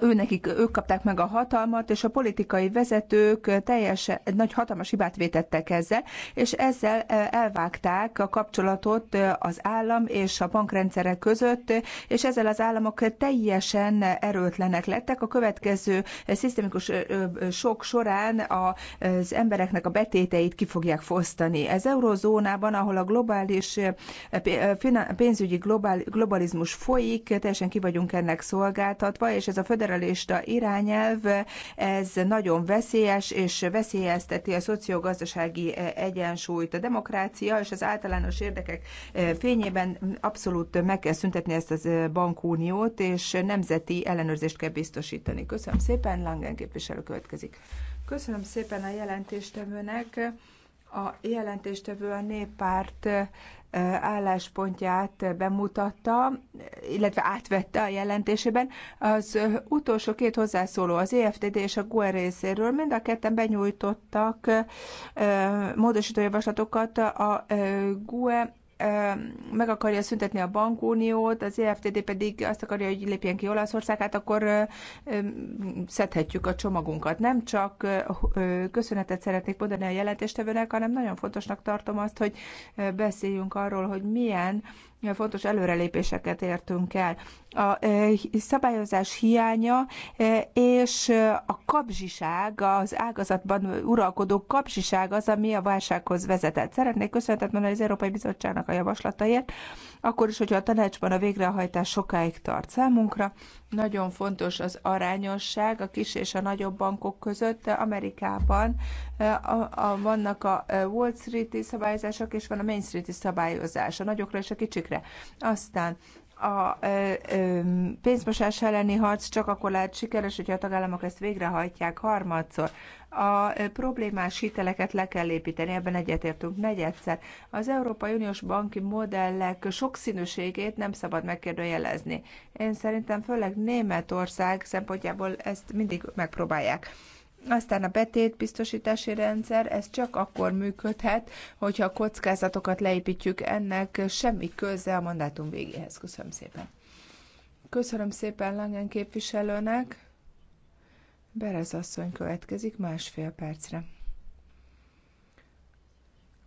ő nekik, ők kapták meg a hatalmat, és a politikai vezetők teljesen nagy hatalmas hibát vétettek ezzel, és ezzel e, elvágták a kapcsolatot e, az állam és a bankrendszerek között, és ezzel az államok teljesen erőtlenek lettek. A következő e, szisztemikus sok során az embereknek a betéteit ki fogják fosztani. Ez eurozónában, ahol a globális pénzügyi globalizmus folyik, teljesen ki vagyunk ennek szolgáltatva, és ez a a föderalista irányelv, ez nagyon veszélyes, és veszélyezteti a szociogazdasági eh, egyensúlyt. A demokrácia és az általános érdekek eh, fényében abszolút meg kell szüntetni ezt az eh, bankuniót, és nemzeti ellenőrzést kell biztosítani. Köszönöm szépen, Langen képviselő következik. Köszönöm szépen a jelentéstevőnek a jelentéstevő a néppárt álláspontját bemutatta, illetve átvette a jelentésében. Az utolsó két hozzászóló, az EFTD és a GUE részéről mind a ketten benyújtottak módosítójavaslatokat a GUE meg akarja szüntetni a bankuniót, az EFTD pedig azt akarja, hogy lépjen ki Olaszország, hát akkor szedhetjük a csomagunkat. Nem csak köszönetet szeretnék mondani a jelentéstevőnek, hanem nagyon fontosnak tartom azt, hogy beszéljünk arról, hogy milyen fontos előrelépéseket értünk el. A e, szabályozás hiánya e, és e, a kapzsiság, az ágazatban uralkodó kapzsiság az, ami a válsághoz vezetett. Szeretnék köszönetet mondani az Európai Bizottságnak a javaslataért, akkor is, hogyha a tanácsban a végrehajtás sokáig tart számunkra. Nagyon fontos az arányosság a kis és a nagyobb bankok között. Amerikában E, a, a, vannak a e, Wall Street-i szabályozások, és van a Main Street-i szabályozás, a nagyokra és a kicsikre. Aztán a ö, e, ö, pénzmosás elleni harc csak akkor lehet sikeres, hogyha a tagállamok ezt végrehajtják harmadszor. A problémás hiteleket le kell építeni, ebben egyetértünk negyedszer. Az Európai Uniós banki modellek sokszínűségét nem szabad megkérdőjelezni. Én szerintem főleg Németország szempontjából ezt mindig megpróbálják. Aztán a betétbiztosítási rendszer, ez csak akkor működhet, hogyha a kockázatokat leépítjük ennek semmi köze a mandátum végéhez. Köszönöm szépen. Köszönöm szépen Langen képviselőnek. Berez asszony következik másfél percre.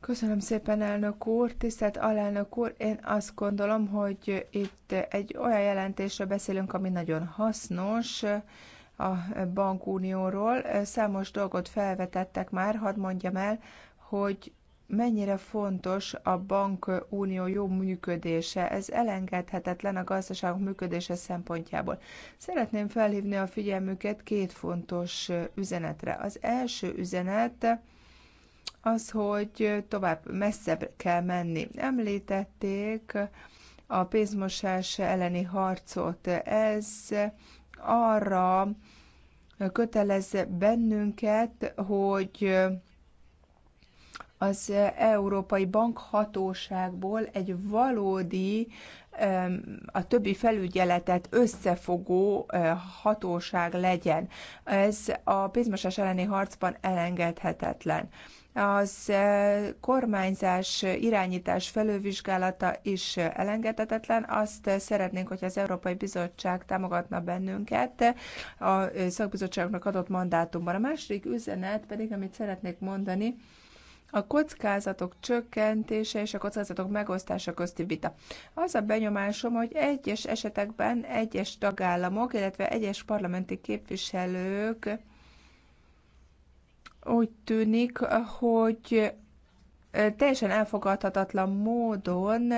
Köszönöm szépen, elnök úr, tisztelt alelnök úr. Én azt gondolom, hogy itt egy olyan jelentésről beszélünk, ami nagyon hasznos, a bankunióról. Számos dolgot felvetettek már, hadd mondjam el, hogy mennyire fontos a bankunió jó működése. Ez elengedhetetlen a gazdaságok működése szempontjából. Szeretném felhívni a figyelmüket két fontos üzenetre. Az első üzenet az, hogy tovább messzebb kell menni. Említették a pénzmosás elleni harcot. Ez arra kötelez bennünket, hogy az Európai Bankhatóságból egy valódi, a többi felügyeletet összefogó hatóság legyen. Ez a pénzmosás elleni harcban elengedhetetlen az eh, kormányzás irányítás felülvizsgálata is elengedhetetlen. Azt eh, szeretnénk, hogy az Európai Bizottság támogatna bennünket eh, a szakbizottságnak adott mandátumban. A második üzenet pedig, amit szeretnék mondani, a kockázatok csökkentése és a kockázatok megosztása közti vita. Az a benyomásom, hogy egyes esetekben egyes tagállamok, illetve egyes parlamenti képviselők úgy tűnik, hogy teljesen elfogadhatatlan módon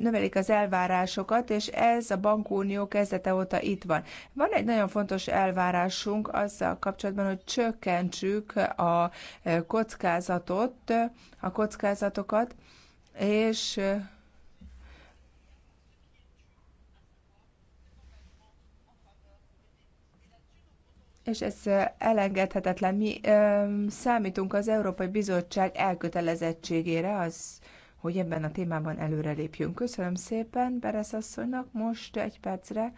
növelik az elvárásokat, és ez a bankunió kezdete óta itt van. Van egy nagyon fontos elvárásunk azzal kapcsolatban, hogy csökkentsük a kockázatot, a kockázatokat, és és ez elengedhetetlen. Mi ö, számítunk az Európai Bizottság elkötelezettségére, az, hogy ebben a témában előrelépjünk. Köszönöm szépen Beresz asszonynak, most egy percre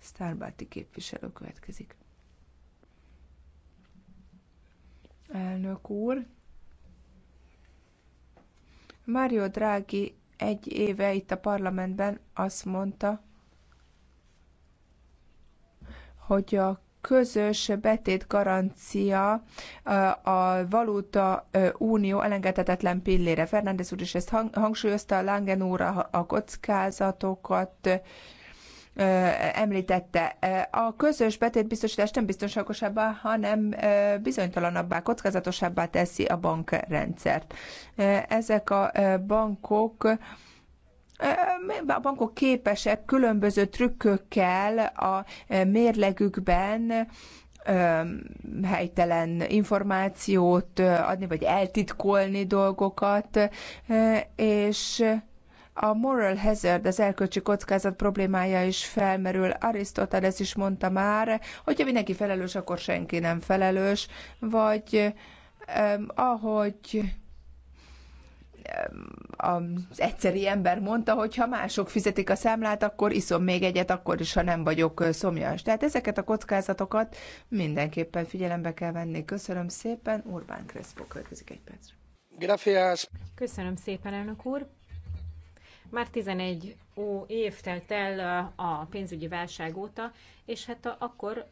Sztárbáti képviselő következik. Elnök úr, Mário Draghi egy éve itt a parlamentben azt mondta, hogy a közös betét garancia a valuta unió elengedhetetlen pillére. Fernández úr is ezt hangsúlyozta, Langen úr a kockázatokat említette. A közös betétbiztosítás nem biztonságosabbá, hanem bizonytalanabbá, kockázatosabbá teszi a bankrendszert. Ezek a bankok a bankok képesek különböző trükkökkel a mérlegükben helytelen információt adni, vagy eltitkolni dolgokat, és a moral hazard, az erkölcsi kockázat problémája is felmerül. Arisztoteles is mondta már, hogyha mindenki felelős, akkor senki nem felelős, vagy ahogy az egyszeri ember mondta, hogy ha mások fizetik a számlát, akkor iszom még egyet, akkor is, ha nem vagyok szomjas. Tehát ezeket a kockázatokat mindenképpen figyelembe kell venni. Köszönöm szépen. Urbán Kreszpó következik egy percre. Grafias. Köszönöm szépen, elnök úr. Már 11 ó, év telt el a pénzügyi válság óta, és hát akkor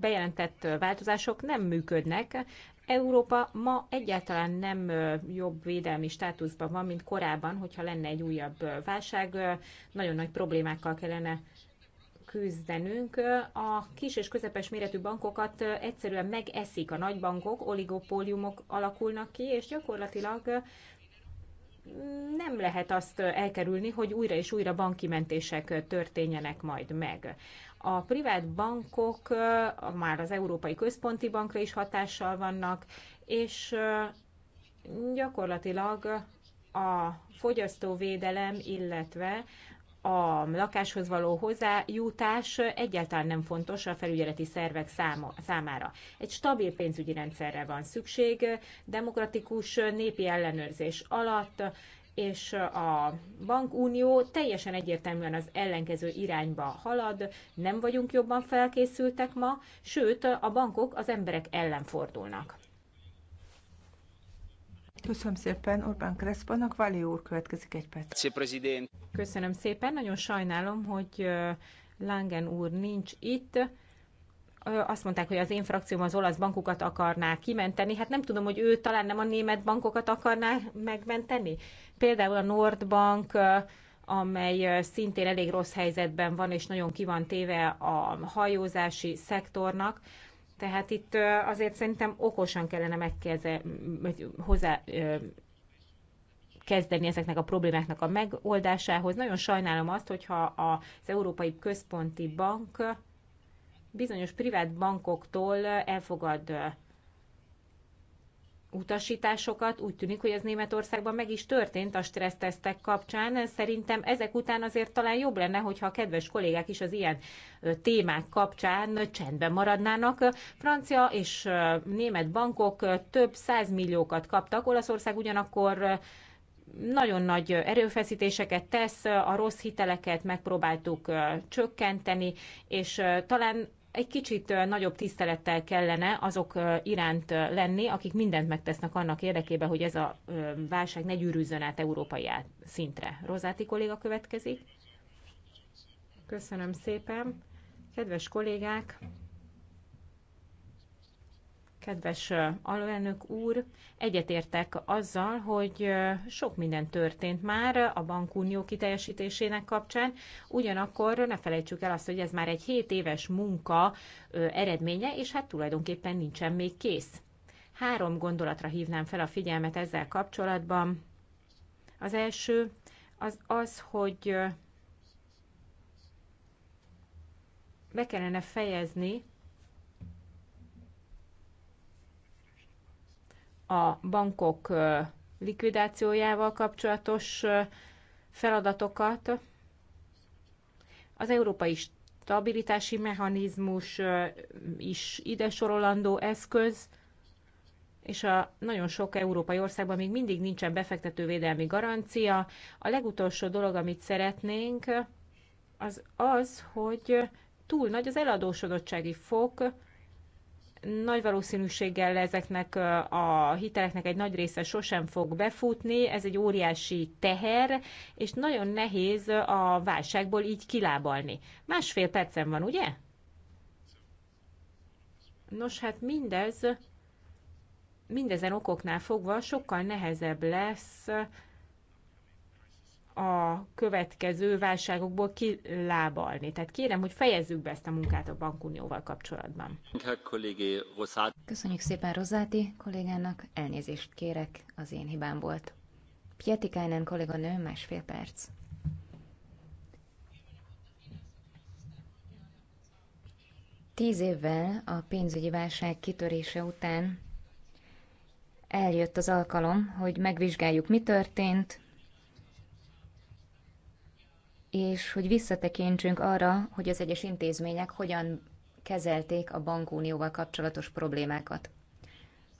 bejelentett változások nem működnek. Európa ma egyáltalán nem jobb védelmi státuszban van, mint korábban, hogyha lenne egy újabb válság, nagyon nagy problémákkal kellene küzdenünk. A kis és közepes méretű bankokat egyszerűen megeszik a nagybankok, oligopóliumok alakulnak ki, és gyakorlatilag nem lehet azt elkerülni, hogy újra és újra bankimentések történjenek majd meg a privát bankok már az Európai Központi Bankra is hatással vannak, és gyakorlatilag a fogyasztóvédelem, illetve a lakáshoz való hozzájutás egyáltalán nem fontos a felügyeleti szervek száma, számára. Egy stabil pénzügyi rendszerre van szükség, demokratikus népi ellenőrzés alatt, és a bankunió teljesen egyértelműen az ellenkező irányba halad, nem vagyunk jobban felkészültek ma, sőt a bankok az emberek ellen fordulnak. Köszönöm szépen Orbán Kreszpanak, Vali úr következik egy perc. Köszönöm szépen, nagyon sajnálom, hogy Langen úr nincs itt azt mondták, hogy az én frakcióm az olasz bankokat akarná kimenteni. Hát nem tudom, hogy ő talán nem a német bankokat akarná megmenteni. Például a Nordbank, amely szintén elég rossz helyzetben van, és nagyon ki van téve a hajózási szektornak. Tehát itt azért szerintem okosan kellene hozzá kezdeni ezeknek a problémáknak a megoldásához. Nagyon sajnálom azt, hogyha az Európai Központi Bank bizonyos privát bankoktól elfogad utasításokat, úgy tűnik, hogy ez Németországban meg is történt a stressztesztek kapcsán. Szerintem ezek után azért talán jobb lenne, hogyha a kedves kollégák is az ilyen témák kapcsán csendben maradnának. Francia és német bankok több százmilliókat kaptak, Olaszország ugyanakkor nagyon nagy erőfeszítéseket tesz, a rossz hiteleket megpróbáltuk csökkenteni, és talán egy kicsit nagyobb tisztelettel kellene azok iránt lenni, akik mindent megtesznek annak érdekében, hogy ez a válság ne gyűrűzzön át európai szintre. Rozáti kolléga következik. Köszönöm szépen. Kedves kollégák, Kedves alelnök úr, egyetértek azzal, hogy sok minden történt már a bankunió kiteljesítésének kapcsán, ugyanakkor ne felejtsük el azt, hogy ez már egy 7 éves munka eredménye, és hát tulajdonképpen nincsen még kész. Három gondolatra hívnám fel a figyelmet ezzel kapcsolatban. Az első az az, hogy be kellene fejezni a bankok likvidációjával kapcsolatos feladatokat, az európai stabilitási mechanizmus is ide sorolandó eszköz, és a nagyon sok európai országban még mindig nincsen befektetővédelmi garancia. A legutolsó dolog, amit szeretnénk, az az, hogy túl nagy az eladósodottsági fok, nagy valószínűséggel ezeknek a hiteleknek egy nagy része sosem fog befutni, ez egy óriási teher, és nagyon nehéz a válságból így kilábalni. Másfél percen van, ugye? Nos, hát mindez, mindezen okoknál fogva sokkal nehezebb lesz a következő válságokból kilábalni. Tehát kérem, hogy fejezzük be ezt a munkát a bankunióval kapcsolatban. Köszönjük szépen Rozáti kollégának, elnézést kérek, az én hibám volt. Pietikainen kolléganő, másfél perc. Tíz évvel a pénzügyi válság kitörése után eljött az alkalom, hogy megvizsgáljuk, mi történt, és hogy visszatekintsünk arra, hogy az egyes intézmények hogyan kezelték a bankunióval kapcsolatos problémákat.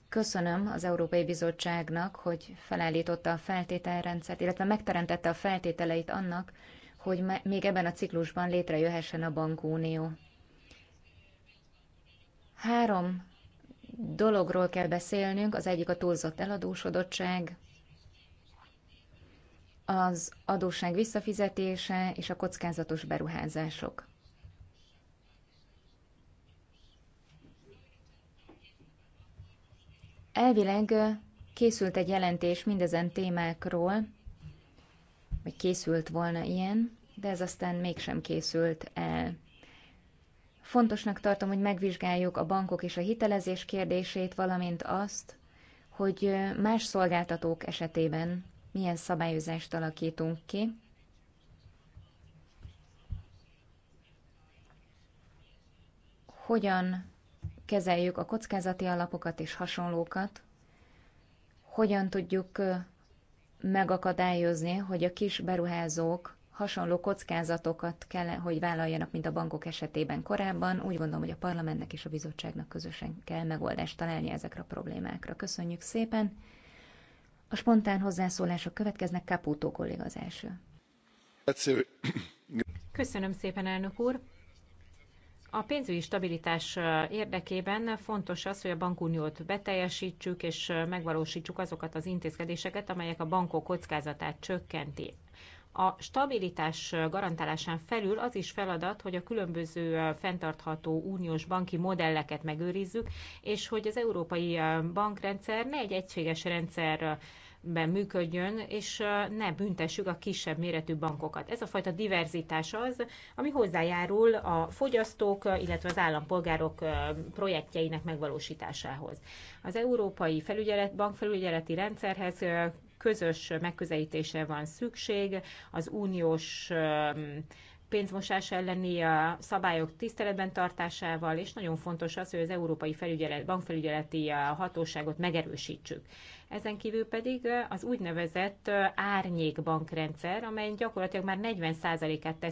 Köszönöm az Európai Bizottságnak, hogy felállította a feltételrendszert, illetve megteremtette a feltételeit annak, hogy még ebben a ciklusban létrejöhessen a bankunió. Három dologról kell beszélnünk, az egyik a túlzott eladósodottság, az adósság visszafizetése és a kockázatos beruházások. Elvileg készült egy jelentés mindezen témákról, vagy készült volna ilyen, de ez aztán mégsem készült el. Fontosnak tartom, hogy megvizsgáljuk a bankok és a hitelezés kérdését, valamint azt, hogy más szolgáltatók esetében milyen szabályozást alakítunk ki. Hogyan kezeljük a kockázati alapokat és hasonlókat, hogyan tudjuk megakadályozni, hogy a kis beruházók hasonló kockázatokat kell, hogy vállaljanak, mint a bankok esetében korábban. Úgy gondolom, hogy a parlamentnek és a bizottságnak közösen kell megoldást találni ezekre a problémákra. Köszönjük szépen! A spontán hozzászólások következnek, Caputo kolléga az első. Köszönöm szépen, elnök úr! A pénzügyi stabilitás érdekében fontos az, hogy a bankuniót beteljesítsük és megvalósítsuk azokat az intézkedéseket, amelyek a bankok kockázatát csökkentik. A stabilitás garantálásán felül az is feladat, hogy a különböző fenntartható uniós banki modelleket megőrizzük, és hogy az európai bankrendszer ne egy egységes rendszer működjön, és ne büntessük a kisebb méretű bankokat. Ez a fajta diverzitás az, ami hozzájárul a fogyasztók, illetve az állampolgárok projektjeinek megvalósításához. Az Európai Felügyelet, Bankfelügyeleti Rendszerhez közös megközelítésre van szükség, az uniós pénzmosás elleni a szabályok tiszteletben tartásával, és nagyon fontos az, hogy az Európai Felügyelet, Bankfelügyeleti Hatóságot megerősítsük. Ezen kívül pedig az úgynevezett árnyékbankrendszer, amely gyakorlatilag már 40%-át tesz.